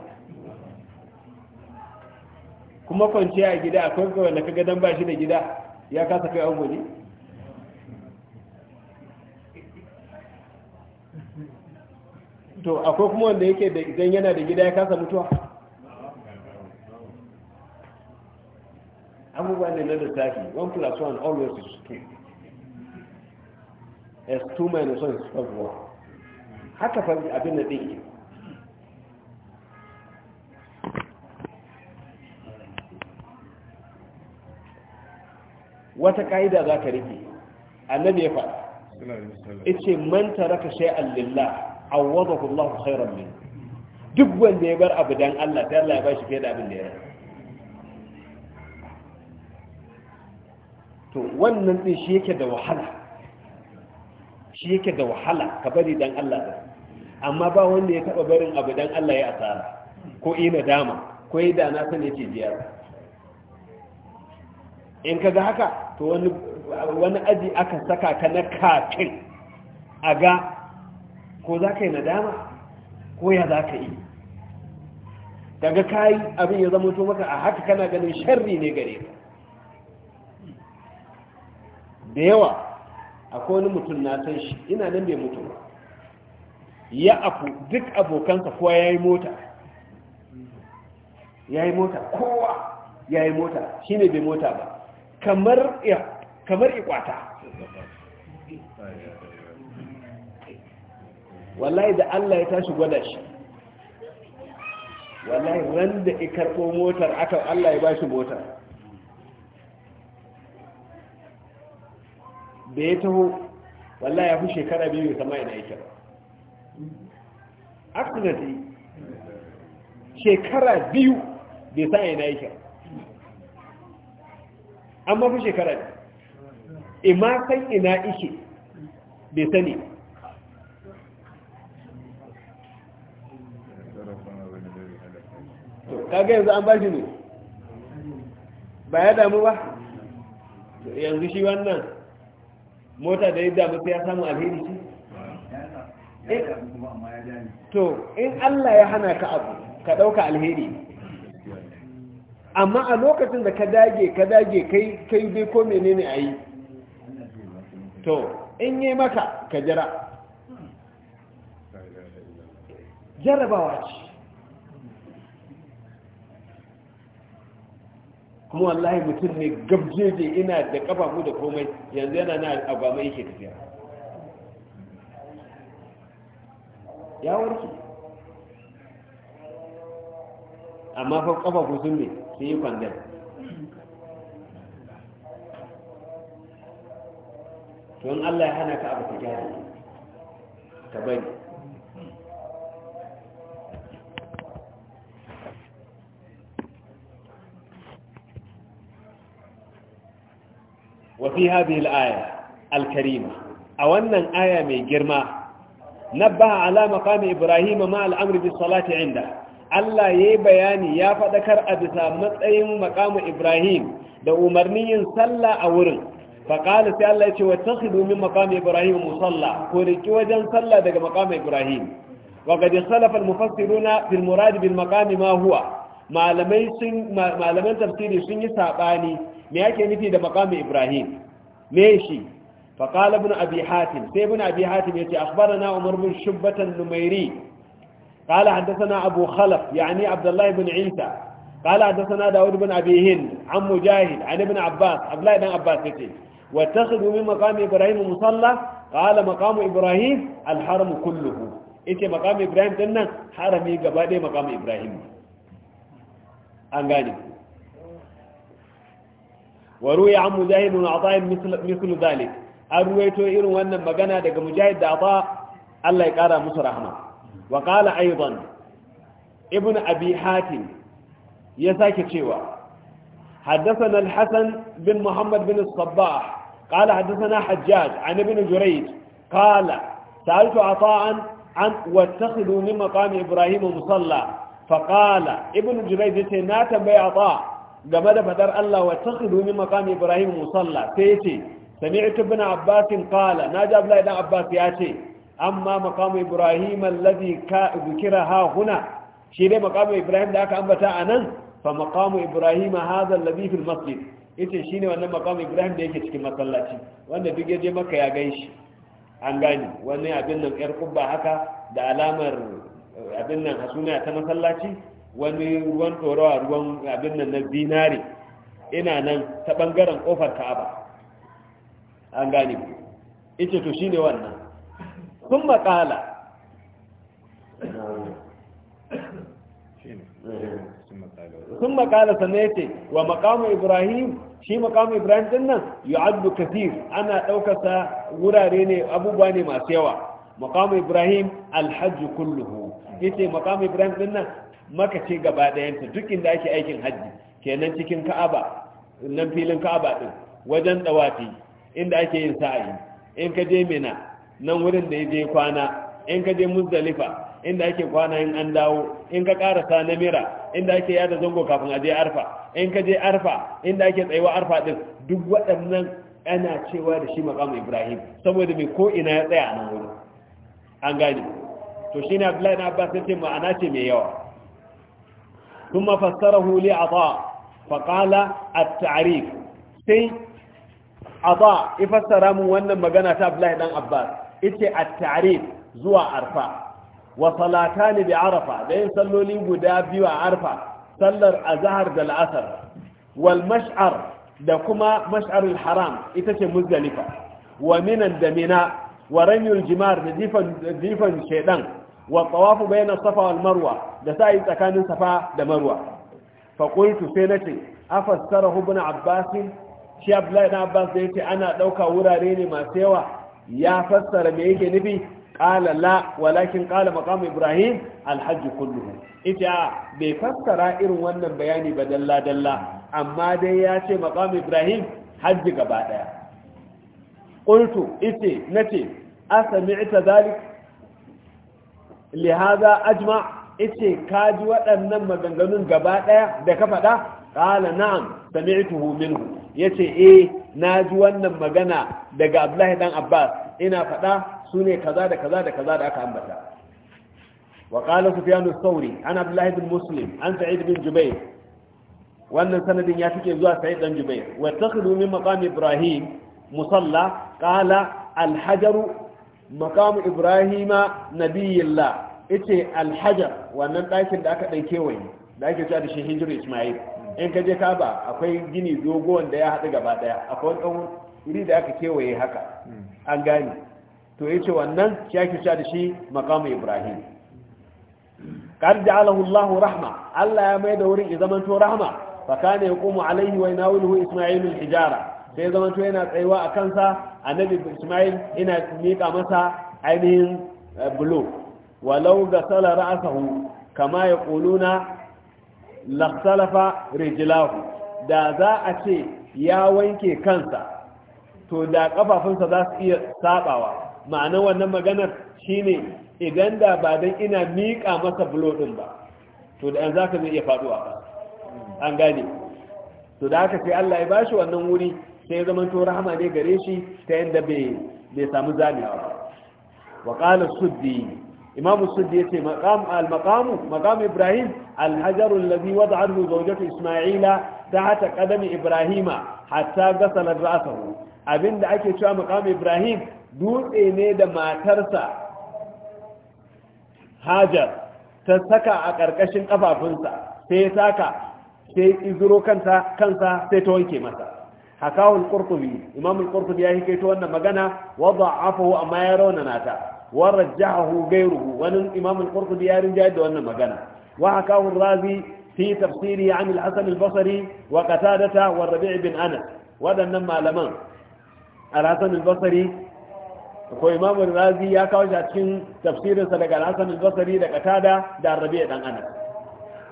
S1: kuma kwanciya a gida a kawai wanda ka gadon ba shi da gida ya kasa kai an ne to akwai kuma wanda yake da idan yana da gida ya kasa mutuwa abubuwa ne na lissafi 1 plus 1 always is 2 as 2 minus 1 is 1 haka fa abin da ɗin wata ka'ida za ka rike annabi ya faɗa yace man taraka shay'an lillah awwadahu Allah khairan min duk wanda ya bar abu dan Allah sai Allah ya bashi fiye da abin da ya rasa to wannan din shi yake da wahala shi yake da wahala ka bari dan Allah da amma ba wanda ya taba barin abu dan Allah ya asara ko ina dama ko yi da na sani ce biyar? in ka ga haka to wani aji aka saka ka na kafin a ga ko za ka yi nadama ko ya za ka yi daga kayi abin ya zama maka a haka kana ganin sharri ne gare ka da yawa akwai wani mutum na san shi ina nan bai mutu ya afu duk abokansa kowa ya yi mota ya yi mota kowa ya yi mota shi ne bai mota ba kamar ikwata wallahi da Allah ya tashi gwada shi wallahi ran da ya karɓo motar aka Allah ya ba shi motar da ya taho wallahi ya fi shekara biyu sama yana yake akwai accident
S2: shekara biyu
S1: bai sa ya yake ba an mafi shekara ne ima san ina ishe bai sani kaga yanzu an bashi ne ba ya damu ba yanzu shi wannan mota da ya damu sai ya samu alheri ce eh, to in Allah ya hana ka abu ka ɗauka alheri amma a lokacin da ka dage ka dage kai kai dai ko menene ayi to in yi maka ka jira jarabawa ce kuma wallahi mutum ne gabjeje ina da kafafu da komai yanzu yana na agwama yake tafiya ya warke amma fa kafafu sun ne sun yi kwandam don allah ya hana ka abu وفي هذه الآية الكريمة أولا آية من جرما نبه على مقام إبراهيم مع الأمر بالصلاة عنده Allah ya yi bayani ya faɗakar a bisa matsayin makamu Ibrahim da umarnin yin sallah a wurin faƙali sai Allah ya ce wa takhidhu domin maqami Ibrahim musalla ko riki wajen sallah daga maqami Ibrahim wa qad ikhtalafa al-mufassiruna fil murad bil ma huwa malamai sun malaman tafsiri sun yi saɓani. me yake nufi da maqami Ibrahim me shi فقال ابن أبي حاتم سيبن أبي حاتم يتي أخبرنا عمر بن شبة numairi? قال حدثنا أبو خلف يعني عبد الله بن عيسى قال حدثنا داود بن أبي هند عن مجاهد عن ابن عباس عبد الله بن عباس يتي واتخذوا من مقام إبراهيم مصلى قال مقام إبراهيم الحرم كله إتي مقام إبراهيم تنا حرمي قبادي مقام إبراهيم أنقاني وروي عن مجاهد وعطاء مثل, مثل ذلك أرويتو إيرو أن مقنا دق مجاهد عطاء الله يقارى مصر رحمه wa qala aidan ibn abi hatim ya sake cewa حدثنا الحسن بن محمد بن الصباح قال حدثنا حجاج عن ابن جريج قال سألت عطاء عن واتخذوا من مقام إبراهيم مصلى فقال ابن جريج ناتا بي عطاء قمد فتر الله واتخذوا من مقام إبراهيم مصلى تيتي سمعت ابن عباس قال ناجى بلا ابن عباس ياتي amma makamu ibrahim alladhi ka zikira ha huna shi dai makamu ibrahim da aka ambata anan fa makamu ibrahim hadha alladhi fil masjid ita shine wannan makamu ibrahim da yake cikin masallaci wanda duk ya je maka ya ganshi an gane wani abin nan yar kubba haka da alamar eh, abin nan hasuna ta masallaci wani ruwan ɗorawa ruwan abin nan na dinari ina nan ta ɓangaren ƙofar ka'aba an gane ita to shine wannan sun makala, sun makala sannan ya ce wa makamu ibrahim shi makamu ibrahim din nan yu'addu kathir ana ɗaukarsa wurare ne abubuwa ne masu yawa makamu ibrahim alhaji kulluhu ce makamu ibrahim din nan maka ce gaba ɗayanta duk inda ake aikin hajji kenan cikin ka'aba nan filin ka'aba din wajen ɗawafi inda ake yin sa'ayi in ka je mina nan wurin da ya je kwana in ka je muzdalifa inda ake kwana in an dawo in ka karasa na mira inda ake yada zango kafin a je arfa in ka je arfa inda ake tsayuwa arfa din duk waɗannan ana cewa da shi makamu ibrahim saboda mai ko'ina ya tsaya a nan wurin an gane to shi ne abdullahi na abbas ce ma'ana ce mai yawa kuma fassara huli a ba faƙala a tarif sai a ba ifassara mun wannan magana ta abdullahi dan abbas ita a tarif zuwa arfa wa salatani bi arafa da yin salloli guda biyu a arfa sallar azahar da la'asar. wal mash'ar da kuma mash'arul haram ita ce muzdalifa wa minan da mina wa ramyul jimar da jifan shaidan. wa tawafu bayna safa wal marwa da sa'i tsakanin safa da marwa fa qultu sai nace afassarahu ibn abbas shi abdullahi abbas da yace ana ɗauka wurare ne masu yawa ya fassara me yake nufi qala la walakin kala maqam ibrahim alhajj kulluhu ita bai fassara irin wannan bayani ba dalla dalla amma dai ya ce maqam ibrahim hajji gaba daya qultu ite nace asami'ta zalik lihaza ajma ite kaji waɗannan maganganun gaba daya da ka faɗa qala na'am sami'tuhu minhu yace eh na ji wannan magana daga abdullahi dan abbas ina faɗa su ne kaza da kaza da kaza da aka ambata wa qala sufyan as-sawri an abdullahi bin muslim an sa'id bin jubair wannan sanadin ya fike zuwa sa'id dan jubair wa takhudu min maqam ibrahim musalla ƙala, Alhajaru, hajaru ibrahima nabiyillah Ita Alhajar wannan ɗakin da aka ɗan kewaye da ake cewa da shi hijr isma'il in ka je kaba akwai gini doguwan da ya haɗu gaba ɗaya akwai wani wuri da aka kewaye haka hmm. an gani. to yace wannan ya sha da shi maqam ibrahim qad ja'alahu allah rahma allah ya mai da wurin ya zamanto rahma fa kana yaqumu alaihi wa yanawiluhu isma'il al-hijara sai zamanto yana tsayuwa a kansa annabi isma'il ina mika masa ainihin eh, bulo walau ga sala ra'asahu kama yaquluna laksalafa rijilahu da za a ce ya wanke kansa to da kafafunsa za su iya sabawa ma'ana wannan maganar shine idan da ba dan ina miƙa masa bulo din ba to da yanzu zaka zai iya faduwa an gane to da haka sai Allah ya bashi wannan wuri sai ya zamanto rahama ne gare shi ta yanda bai bai samu zamewa ba wa qala suddi imam suddi yace maqam al maqam maqam ibrahim al hajar alladhi wada'ahu zawjatu isma'ila tahta qadami ibrahima hatta ghasala ra'sahu abinda ake cewa maqam ibrahim dutse ne da matarsa hajar ta saka a ƙarƙashin ƙafafunsa sai ya saka sai izuro kanta kansa sai ta wanke masa hakawul qurtubi imam al qurtubi ya hikaito wannan magana wada'afahu amma ya rauna nata wa rajjahu ghayruhu wani imam al-qurtubi ya rinja da wannan magana wa hakahu razi fi tafsiri an al-hasan al-basri wa qatadata wa bin anas malaman al al ko imam razi ya kawo shi a cikin tafsirinsa daga al al basari da katada da rabi' dan anas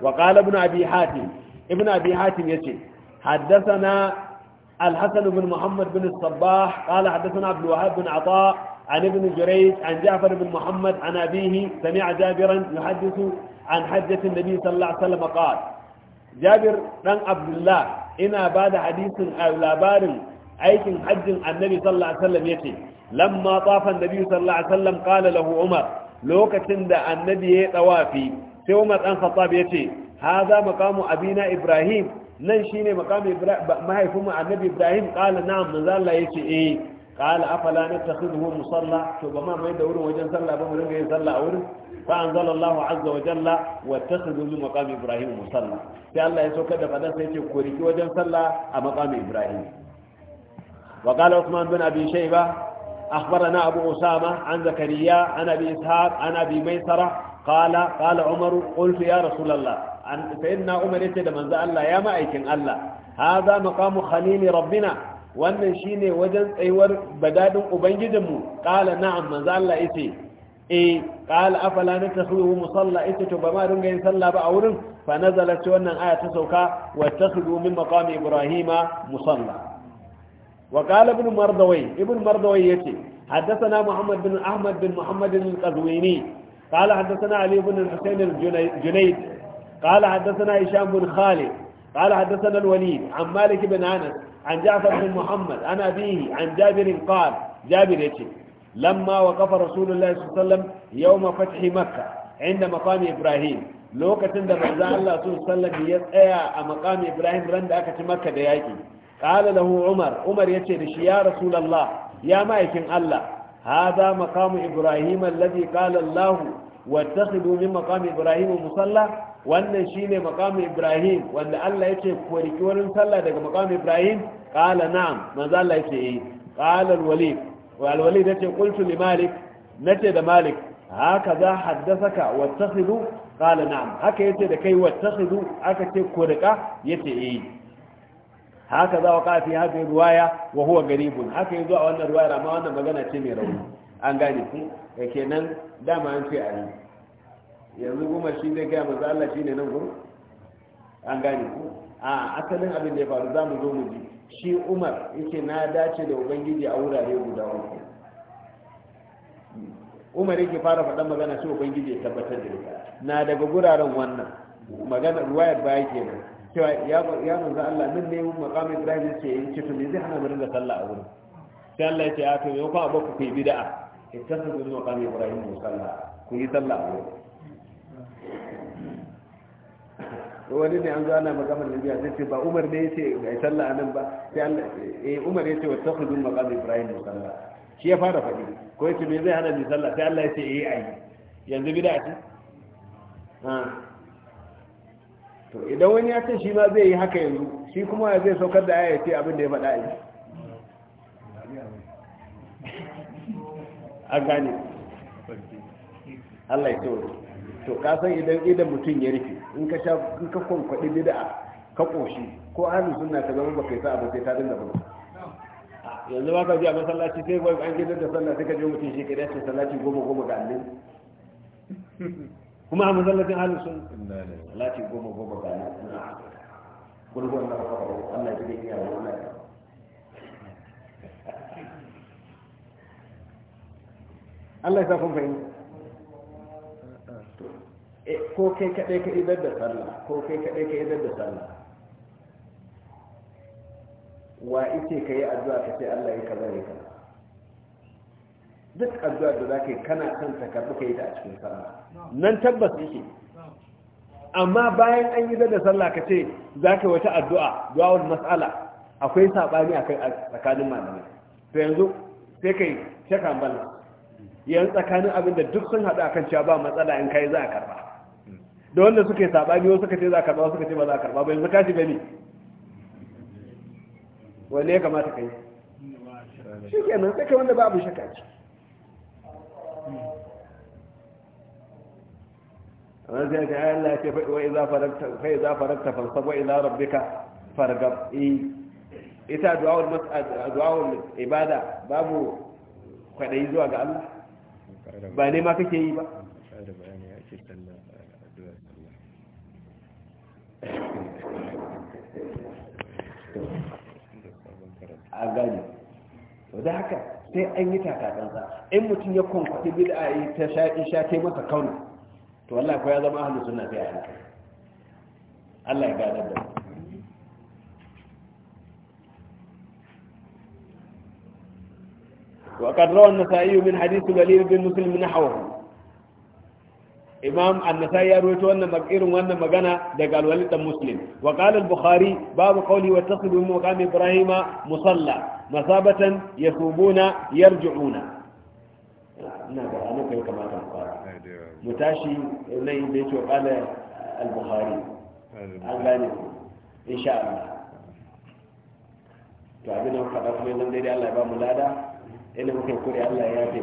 S1: wa qala ibn abi hatim ibn abi hatim yace حدثنا الحسن بن bin بن الصباح قال حدثنا عبد الوهاب bin عطاء عن ابن جريج عن جعفر بن محمد عن أبيه سمع جابرا يحدث عن حجة النبي صلى الله عليه وسلم قال جابر بن عبد الله إنا بعد حديث أو لابار أيك حج النبي صلى الله عليه وسلم يتي لما طاف النبي صلى الله عليه وسلم قال له عمر لو كتند النبي طوافي sai umar ɗan khattab ya ce ha za makamu abina ibrahim nan shine makamu mahaifinmu annabi ibrahim ƙala na manzo Allah ya ce eh قال أفلا نتخذه مصلى فبما ما يدور وجن صلى بما لم يصلى أول فأنزل الله عز وجل واتخذوا من مقام إبراهيم مصلى في الله يسوك دفنا سيتي كوريك وجن صلى مقام إبراهيم وقال عثمان بن أبي شيبة أخبرنا أبو أسامة عن زكريا عن أبي إسحاق عن أبي ميسرة قال قال عمر قلت يا رسول الله فإن عمر يتدى من ذا الله يا مأيكن الله هذا مقام خليل ربنا wannan shine wajen tsayuwar badadin ubangijinmu qala na'am manzo Allah yace eh qala afala natakhudu musalla ita to ba dinga yin sallah ba a wurin fa nazalat wannan aya ta sauka wa takhudu min maqami ibrahima musalla wa qala ibn mardawai ibn mardawai yace حدثنا محمد بن أحمد بن محمد القزويني قال حدثنا علي بن الحسين الجنيد قال حدثنا هشام بن خالد قال حدثنا الوليد عن مالك بن أنس عن جعفر بن محمد عن أبيه عن جابر قال جابر يتي لما وقف رسول الله صلى الله عليه وسلم يوم فتح مكة عند مقام إبراهيم lokacin da manzo Allah su ya tsaya a maqami Ibrahim ran da aka ci Makka da yaki qala lahu Umar Umar yace da shi ya Rasulullah ya ma'aikin Allah hadha maqamu Ibrahim alladhi qala Allah wattakhidhu min Ibrahim musalla wannan shine makamu ibrahim wanda Allah ya ce riki wurin sallah daga makamu ibrahim Kala na'am manzo Allah ya yi eh. qala al-walid wa al-walid yace qultu li malik nace da malik haka za haddasaka wattakhidhu Kala na'am haka yace da kai wattakhidhu aka ce ku rika yace eh haka za waka fi hadhihi riwaya wa huwa garibun haka yazo a wannan riwaya amma wannan magana ce mai rauni an gane ku kenan dama an ce a yi yanzu goma shi zai gaya manzo Allah shi ne nan gurin an gane ku a asalin abin da ya faru za mu zo mu ji shi umar yake na dace da ubangiji a wurare guda uku umar yake fara faɗan magana sai ubangiji ya tabbatar da ita na daga guraren wannan magana ruwayar baya kenan cewa ya manzo Allah nan ne makamin Ibrahim yake yin kitu ne zai hana mu ringa sallah a wurin sai Allah ya ce a to yau fa ba ku kai bid'a ittasabu maqam Ibrahim musalla ku yi sallah a wurin wani ne an zana ana magamar nabiya sai ce ba umar ne ce ga sallah anan ba sai eh, umar ya ce yace wa takhudun maqam ibrahim musalla shi ya fara faɗi ko yace me zai hana ni sallah sai Allah ya yace eh ai yanzu bid'a ce ha to idan wani ya ce shi ma zai yi haka yanzu shi kuma zai saukar da aya abin da ya faɗa yi a gane
S2: Allah ya ce wani
S1: to ka san idan idan mutum ya rufe in ka sha in ka kwankwaɗi bid'a ka koshi ko ahlus sunna ka zama baka yi sa'a ba sai ta dinga ba yanzu ba ka ji a masallaci sai wai an gidan da sallah sai ka je mutum shi kadai ce sallaci goma goma ga allin kuma a masallacin ahlus sunna sallaci goma goma ga allin gurgurun da ka
S2: faɗa Allah ya ji ya wannan
S1: Allah ya sa kun fahimta Eh, ko kai kaɗai ka idar da sallah ko kai kaɗai ka idar da sallah wa ite ka yi addu'a ka ce Allah ya kaza ya kaza duk addu'a da za ka yi kana kan ta ka yi ta a cikin sallah nan tabbas yake amma bayan an yi da sallah ka ce za ka wata addu'a du'awar mas'ala akwai saɓani a tsakanin malamai to yanzu sai kai yi shakan balance yanzu tsakanin abin da duk sun haɗu akan cewa ba matsala in kai za a karba da wanda suka yi sabani wasu suka ce za a karɓa, wasu suka ce ba za a karɓa. ba yanzu ka shiga ne wanne ya kamata ka yi shi kenan sai kai wanda babu shakka ce kamar sai ka ayyalla ya ce fa'i za faragta fansab wa ila rabbika fargab e, ita du'awar ibada babu kwaɗayi zuwa ga Allah ba ne ma kake yi ba
S2: a gane to da haka sai an
S1: yi takatsantsa in mutum ya kwankwaɗi bid'a yi ta sha ta masa kauna to wallahi ko ya zama ahlu sunna sai a hankali Allah ya gadar da وقد روى النسائي من حديث وليد بن مسلم نحوه امام النسائي يروي توانا مقير وانا مقانا دقال الوالد مسلم وقال البخاري باب قوله واتصل بمقام ابراهيم مصلى مصابة يثوبون يرجعون نعم، كما قال متاشي الي بيت وقال البخاري ان شاء الله to abin da muka ɗauka mai zandari Allah ya ba mu lada inda muka yi kuri Allah ya fi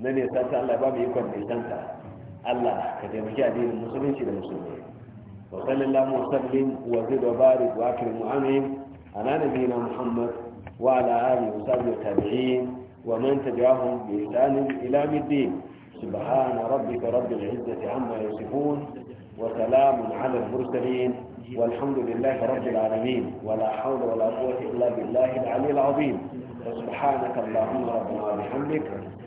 S1: na ne sa ta Allah ba mu ikon mai santa Allah ka taimaki addinin musulunci da musulmi wa sallallahu wa sallim wa zid wa barik wa akrim wa amin ala nabiyina muhammad wa ala alihi wa sahbihi tabi'in wa man tabi'ahum bi ihsan ila yawm سبحان ربك رب العزة عما يصفون وسلام على المرسلين والحمد لله رب العالمين ولا حول ولا قوة إلا بالله العلي العظيم سبحانك اللهم ربنا وبحمدك